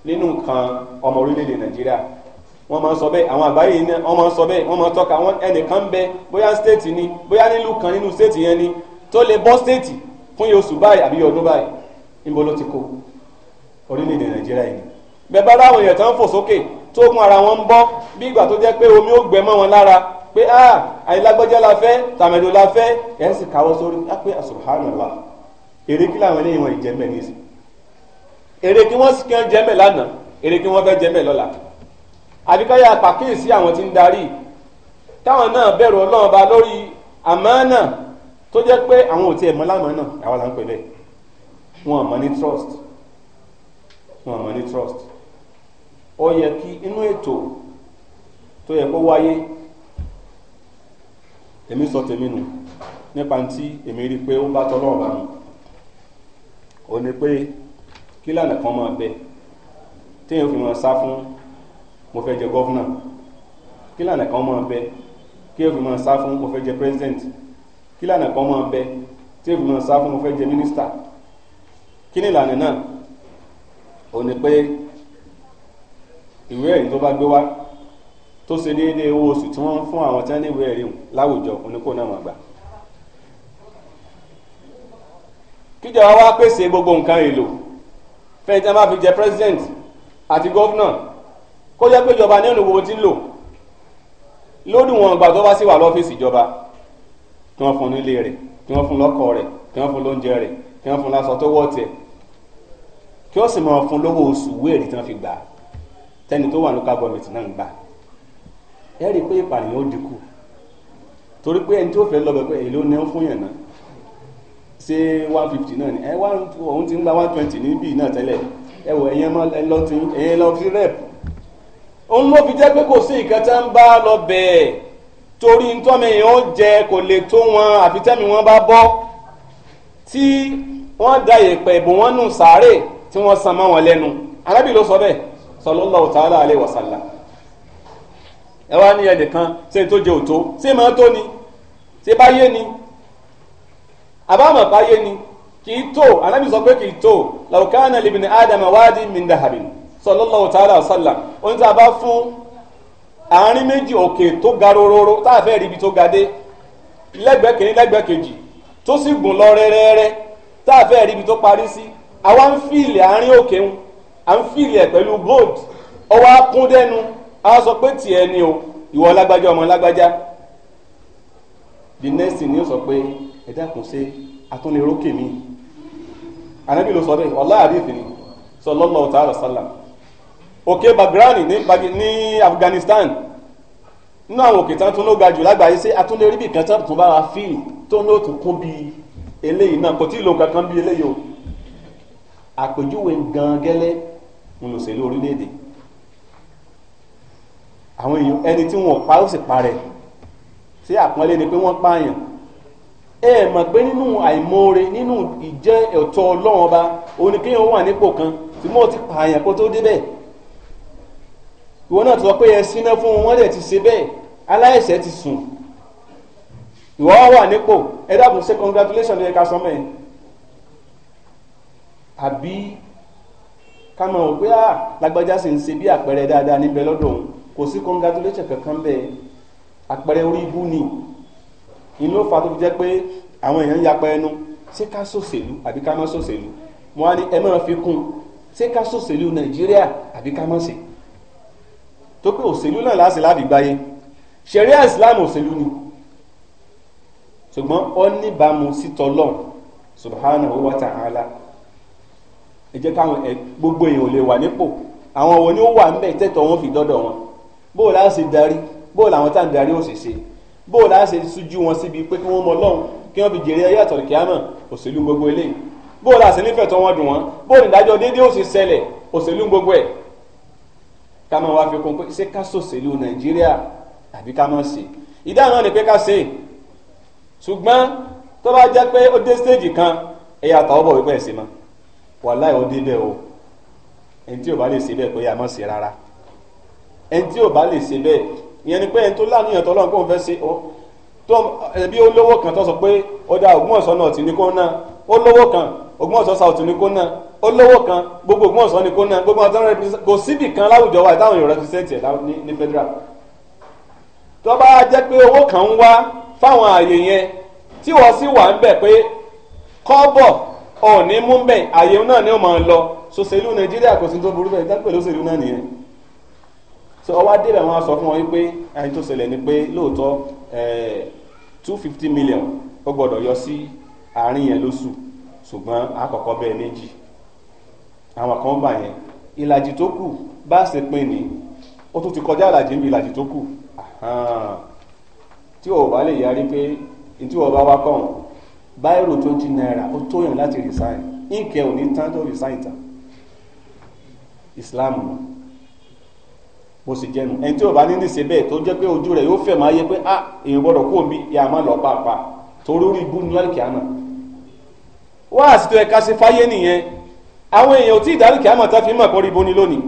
nínú nǹkan ọmọ orílẹ̀-èdè nàìjíríà wọ́n máa ń sọ bẹ́ẹ̀ àwọn àgbáyé iná wọ́n máa ń sọ bẹ́ẹ̀ wọ́n máa ń tọ́ka wọn ẹnìkan bẹ bóyá stéètì ni bóyá nílùú kan nínú stéètì yẹn ni tó lè bọ́ stéètì fún yóò sùn báyìí àbí ọdún báyìí níbo ló ti kó orílẹ̀-èdè nàìjíríà yìí bẹ́ẹ̀ bá láwọn èèyàn tán fò sókè tó kún ara wọn ń bọ́ bí ìgbà tó jẹ́ pé omi ó gbẹ wọn lára pé a ah, àyílágbọ́já la fẹ́ tàmẹ̀dò la fẹ́ ẹ̀ ń sì káwọ́ sórí ah, pé ah, subhanallah èrè kí làwọn eléyìí wọn ìjẹ́mẹ̀ ní ìsìn èrè kí wọ́n sì kí wọ́n jẹ́mẹ̀ lánàá èrè kí wọ́n fẹ́ jẹ́mẹ̀ lọ́la àbíkáyà pàkíyèsí àwọn tí ń darí táwọn náà bẹ̀rù ọlọ́run ba lórí àmánà tó jẹ́ pé àwọn ò tiẹ̀ mọ̀ lámánà àwọn là ń pè bẹ́ẹ̀ wọn mọ̀ ní trust wọn mọ̀ ní trust ó yẹ kí inú ètò tó yẹ kó wáyé èmi sọ tèmi nù nípa ntí èmi rí i pé ó bá tọ́ lọ́wọ́ bá mi ò ní pé kí lànà kan máa bẹ téèyàn fi máa sá fún mo fẹ́ jẹ gọ́fúnà kí lànà kan máa bẹ téèyàn fi máa sá fún mo fẹ́ jẹ pírẹsidẹ̀ntì kí lànà kan máa bẹ téèyàn fi máa sá fún mo fẹ́ jẹ mínísítà kí ni ìlànà náà ò ní pé ìwé ẹ̀rí tó bá gbé wá tó ṣe déédéé owó oṣù tí wọ́n ń fún àwọn tí wọ́n níwèé ẹ̀rí láwùjọ oníkó náà máa gbà. kíjọba wa pèsè gbogbo nǹkan èlò fẹ́ẹ́ tí wọ́n bá fi jẹ president àti gómìnà kó jẹ́ pé ìjọba nínú gbogbo tí ń lò lódì wọn gbà tó bá sì wà lọ́fíìsì ìjọba kí wọ́n fún nílé rẹ̀ kí wọ́n fún lọ́kọ̀ rẹ̀ kí wọ́n fún lóúnjẹ rẹ̀ kí wọ́n fún láṣọ tó wọ̀ tẹ̀ kí wọ́n sì máa fún lówó oṣù wéèrè tí wọ́n fi gbà tẹ́ni tó wà ní kábọ̀mẹ̀tì náà ń gbà ẹ rí i pé ìpànìyàn ó dínkù torí pé ẹni tí ó fẹ́ lọ bẹ̀ pé èyí ló ní fún yàn náà ṣé one fifty náà ni ẹ wá òun ti ń gba one twenty níbí náà tẹ́lẹ̀ ẹ wọ ẹ̀yẹn mọ́ ẹ lọ ti ẹ̀yẹn lọ fi rẹ̀ òun ló fi jẹ́ pé kò sí nǹkan tá ń bá lọ bẹ̀ẹ́ torí ntọ́mi yẹn ó jẹ kò lè tó wọn àfi tẹ́mi wọn bá bọ́ tí wọ́n da ìyẹ̀pẹ̀ ìbò wọn nù sàárè tí wọ́n san mọ́ wọn lẹ́nu arábì ló sọ bẹ́ẹ̀ sallallahu ta'ala alaihi wasallam ẹ wá ní ẹnìkan ṣé tó jẹ òtó ṣé máa tó ni ṣé bá yé ni àbámọ̀ bá yé ni kì í tó anábì sọ pé kì í tó làwùkánà libni adam wádìí mindahabi sallallahu ta'ala wa sallam ohun tí a bá fún àárín méjì òkè tó ga rororo tá a fẹ́ rí ibi tó ga dé lẹ́gbẹ̀ẹ́ kìíní lẹ́gbẹ̀ẹ́ kejì tó sì gùn lọ rẹ́rẹ́rẹ́ tá a fẹ́ rí ibi tó parí sí àwa ń fìlì àárín òkè ń à ń fìlì ẹ̀ pẹ̀lú gold ọwọ́ akúndẹ́nu a sọ pé tiẹ̀ ni o ìwọ lágbájá ọmọ lágbájá the next thing ni ó sọ pé ẹ dákun ṣe atúnirókè mi ànábì ló sọ bẹ́ẹ̀ wallahi àdìsí ni sallallahu ta'ala sallam òkè Bagrani ní ní Afghanistan nínú àwọn òkè tán tó ló ga jù lágbàáyé ṣé atúnirí bì kan tán tó bá wa fíì tó ní òtún kún bí eléyìí náà kò tí ì lo kankan bí eléyìí o àpèjúwe gan ń lòṣèlú orílẹ̀-èdè àwọn èèyàn ẹni tí wọn pa ó sì parẹ́ sí àpọ́nlé ni pé wọ́n pààyàn ẹ mọ̀ pé nínú àìmoore nínú ìjẹ́ ẹ̀tọ́ ọlọ́run ọba òun ni kéèyàn wà nípò kan tí mo ti pààyàn kó tó débẹ̀ ìwọ náà ti sọ pé ẹ síná fún wọn dẹ̀ ti ṣe bẹ́ẹ̀ aláìṣẹ̀ ti sùn ìwọ wà nípò ẹ dábùn ṣe congratulation ló yẹ ká sọ mẹ́ àbí ká mọ̀ wọ́n pé ah, lágbájá sì ń ṣe bí àpẹẹrẹ dáadáa níbẹ̀ lọ́dọ̀ òun kò sí congratulation kankan bẹ́ẹ̀ àpẹẹrẹ orí ibú ni inú ó fa tó fi jẹ́ pé àwọn èèyàn ń yapa ẹnu ṣé ká ṣòṣèlú àbí ká má ṣòṣèlú mo wá ní ẹ máa fi kún ṣé ká ṣòṣèlú nàìjíríà àbí ká má ṣe tó pé òṣèlú náà láṣẹ láti gbáyé ṣẹ̀ríà islam òṣèlú ni ṣùgbọ́n ó níbàámu sí subhana subhanahu wa ta'ala ẹ jẹ́ káwọn gbogbo èèyàn ò lè wà nípò àwọn wo ni ó wà ń bẹ̀ tẹ́tọ̀ wọn fi dọ́dọ̀ wọn bóò láà ṣe darí bóò làwọn tá à ń darí ó sì ṣe bóò láà ṣe sújú wọn síbi pé kí wọ́n mọ Ọlọ́run kí wọ́n fi jèrè ayé àtọ̀rọ̀ kíámà òṣèlú gbogbo eléyìí bóò láà ṣe nífẹ̀ẹ́ tó wọn dùn wọn bóò nídájọ́ déédéé ó sì ṣẹlẹ̀ òṣèlú gbogbo ẹ̀ ká máa wá fi kún pé ṣé ká ṣòṣèlú Nàìjíríà àbí ká máa ṣe ìdáhùn náà ni pé ká ṣe ṣùgbọ́n tó bá jẹ́ pé ó dé stéèjì kan ẹ̀yà àtàwọn bọ̀ wípé ẹ̀ ṣe mọ́ wàláì ó dé bẹ́ẹ̀ o ẹni tí ò bá lè ṣe bẹ́ẹ̀ pé yà ẹni tí ò bá lè ṣe bẹ́ẹ̀ ìyẹn ni pé ẹni tó láníyàn tó lọ́nkó fẹ́ ṣe ó tó ẹbí ó lówó kan tó sọ pé ó dá Ògbómọ̀ṣọ́ náà tì ní kó náà ó lówó kan Ògbómọ̀ṣọ́ south ní kó náà ó lówó kan gbogbo Ògbómọ̀ṣọ́ ní kó náà gbogbo ọ̀tọ́ rẹ̀ kò síbì kan láwùjọ wa táwọn èèyàn rẹpísẹ́ǹtì ẹ̀ ní federal tó bá jẹ́ pé owó kan ń wá fáwọn àyè yẹn tí wọ́n sì wà ń bẹ̀ pé kọ́bọ̀ ọ̀ọ́ni mú bẹ́ẹ̀ àyè náà ni ó máa lọ ṣòṣèlú Nàìjíríà kò sí tó burú bẹ́ẹ̀ dápẹ́ lóṣèlú náà nìyẹn so ọwọ́ adébẹ̀ wọn sọ fún wọn wípé ẹni tó ṣẹlẹ̀ ni pé lóòótọ́ two fifty million ó gbọ́dọ̀ yọ sí àárín yẹn lóṣù ṣùgbọ́n àkọ́kọ́ bẹ́ẹ̀ méjì àwọn kan bà yẹn ìlàjì tó kù bá a ṣe pín ní ó tún ti kọjá ìlàjì níbi ìlàjì tó kù tí o bá lè yarí pé tí o bá wá kàn báírò twenty naira ó tó yàn láti resign ìkẹ́ òní tán tó resign tán Islam. No bó sì jẹ́nu ẹni tí ò bá ní níṣe bẹ́ẹ̀ tó jẹ́ pé ojú rẹ̀ yóò fẹ̀ máa yẹ pé a ah, èèyàn gbọ́dọ̀ kó omi yà má lọ pàápàá torí orí ibú ní ọ̀lẹ́kì àmà wá àsìtò ẹ̀ka ṣe fáyé nìyẹn àwọn èèyàn ò tí ìdáríkì àmà tá fi mọ̀ kọ́ rí boni lónìí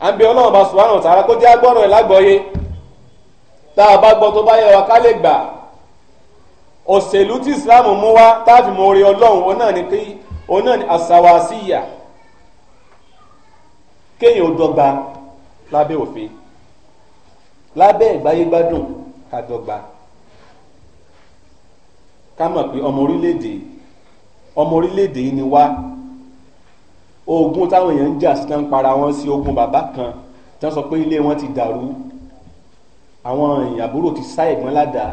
à ń bẹ ọlọ́run bá sùwárùn ọ̀tàrà kó jẹ́ agbọ́rọ̀ ẹ̀ lágbọ́yé tá a bá gbọ́ tó bá yẹ wa ká lè gbà òṣèlú tí ìsìláàmù mú wá tá a fi mọ orí ọlọ́run òun náà ni pé òun náà ni àṣàwàṣíyà kéèyàn ó dọ́gba lábẹ́ òfin lábẹ́ ìgbáyégbádùn ká dọ́gba ká mọ̀ pé ọmọ orílẹ̀-èdè ọmọ orílẹ̀-èdè yìí ni wá ogun táwọn èèyàn ń jà sí tán para wọn sí ogun bàbá kan tí wọ́n sọ pé ilé wọn ti dàrú àwọn èèyàn àbúrò ti sá ẹ̀gbọ́n ládàá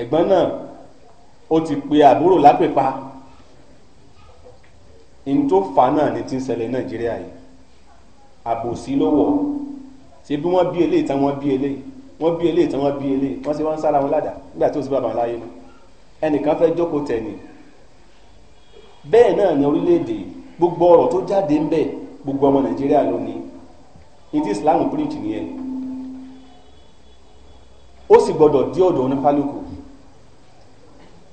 ẹ̀gbọ́n náà ó ti pe àbúrò lápèpa n tó fà náà ni ti ń ṣẹlẹ̀ nàìjíríà yìí àbòsí ló wọ̀ ṣé bí wọ́n bí eléyìí tán wọ́n bí eléyìí wọ́n bí eléyìí tán wọ́n bí eléyìí wọ́n ṣe wọ́n ń sára wọn ládàá nígbà tó sì bàbá wọn láyé mọ́ ẹnìkan fẹ́ jókòó tẹ̀ ni bẹ́ẹ̀ náà ni orílẹ̀-èdè gbogbo ọ̀rọ̀ tó jáde ń bẹ gbogbo ọmọ nàìjíríà ló ní ní ti islam preach nìyẹn ó sì gbọ́dọ̀ dí ọ̀dọ̀ onífálùkù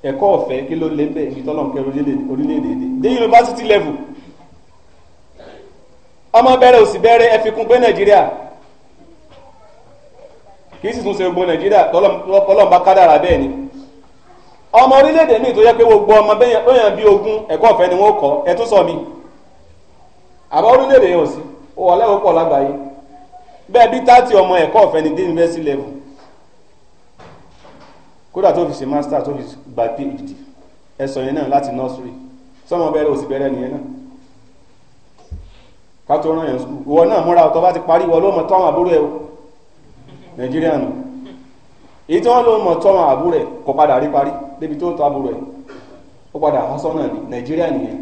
ẹ̀kọ́ ọ̀fẹ́ kí ló lé bẹ́ẹ̀ ibi tọ́lọ̀ ń kẹ́ orílẹ̀-èdè dé yunifásitì level ọmọ bẹ̀rẹ̀ òsì bẹ̀rẹ̀ ẹ fi kún pé nàìjíríà kì í sì tún ṣe gbogbo nàìjíríà tọ́lọ̀ ń bá kádàrà bẹ́ẹ̀ ni ọmọ orílẹ̀-èdè míì tó yẹ pé gbogbo ọmọ bẹ́yàn bí ogún ẹ̀kọ́ ọ̀fẹ́ ni wọ́n kọ́ ẹ tún sọ mi àbá orílẹ̀ yẹn ò sí wọ́n lẹ́wọ́ pọ̀ lágbàáyé bẹ́ẹ̀ bí táàtì ọmọ ẹ̀kọ́ ọ̀fẹ́ ni dé yunifásitì level kódà tó fi ṣe master tó fi gba phd ẹ̀sọ̀ yẹn náà láti nursery sọmọ bẹ̀rẹ̀ òsì bẹ̀rẹ̀ nìyẹn náà ká tó rán yẹn sùkúl ìwọ náà múra ọ̀tọ̀ bá ti parí ìwọ ló mọ̀ tọ́ àwọn àbúrò ẹ̀ o nàìjíríà nù èyí tí wọ́n ló mọ̀ tọ́ àwọn àbúrò ẹ̀ kò padà rí parí débi tó ń tọ́ àbúrò ẹ̀ ó padà hásánà ní nàìjíríà nìyẹn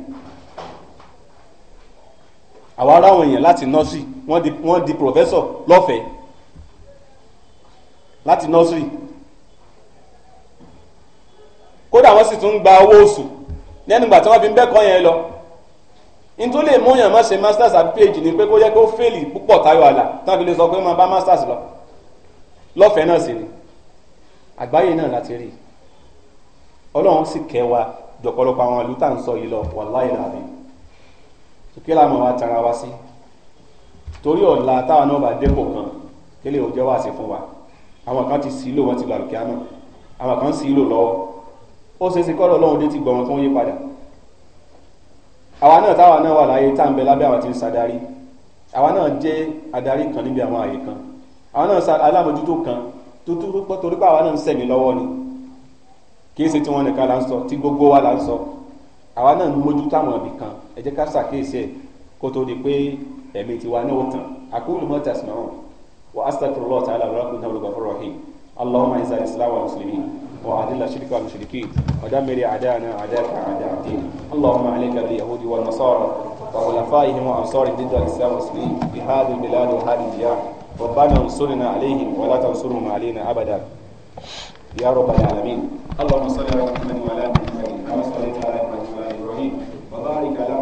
àwa aráwọn èèyàn láti nursery wọ́n di professor lọ́fẹ̀ẹ́ láti nursery kódà wọ́n sì tún gba owó oṣù lẹ́nu ìgbà tí wọ́n fi ń bẹ́kọ̀ọ́ yẹn lọ nítorí lè mú yàn má ṣe masters àbí phd ni pé kó yẹ kó fèlì púpọ̀ tayọ àlà tán fi lè sọ pé máa bá masters lọ lọ́fẹ̀ẹ́ náà sì ni àgbáyé náà láti rí ọlọ́run sì kẹ́ wa jọ̀pọ̀lọpọ̀ àwọn ìlú tá à ń sọ yìí lọ wàláì làbí kí láàmú wa tara wa sí torí ọ̀la táwa náà bá dépò kan kí lè ó jẹ́ wá sí fún wa àwọn kan ti sí lò wọ́n ti lọ àlùkí àwọn kan sí lò lọ́wọ́ ó ṣe é ṣe kọ́rọ̀ ọlọ́run dé ti gbọ̀ràn tó ń yí padà àwa náà táwa náà wà láyé tá à ń bẹ lábẹ́ àwọn tí ń ṣàdarí àwa náà jẹ́ adarí kan níbi àwọn àyè kan àwa náà alámòjútó kan tó torí pé àwa náà ń sẹ̀mí lọ́wọ́ ni kì í ṣe tí wọ́n nìkan là ń sọ tí gbogbo wa là ń sọ àwa náà ń mójútó àwọn ibì kan ẹ jẹ́ ká ṣàkíyèsí ẹ̀ kó tó di pé ẹ̀mí tiwa náà ó tàn aqulu ma tasma'un wa astaghfirullah ta'ala wa lakum náà lọ́gbàfọ́rọ̀ hìn allahumma وأذل الشرك والمشركين ودمر أعداءنا أعداءك أعداء الدين اللهم عليك باليهود والنصارى وخلفائهم وأنصارهم ضد الإسلام والمسلمين في هذه البلاد وهذه الديار ربنا انصرنا عليهم ولا تنصرهم علينا أبدا يا رب العالمين اللهم صل على محمد وعلى آل محمد كما صليت على إبراهيم وبارك على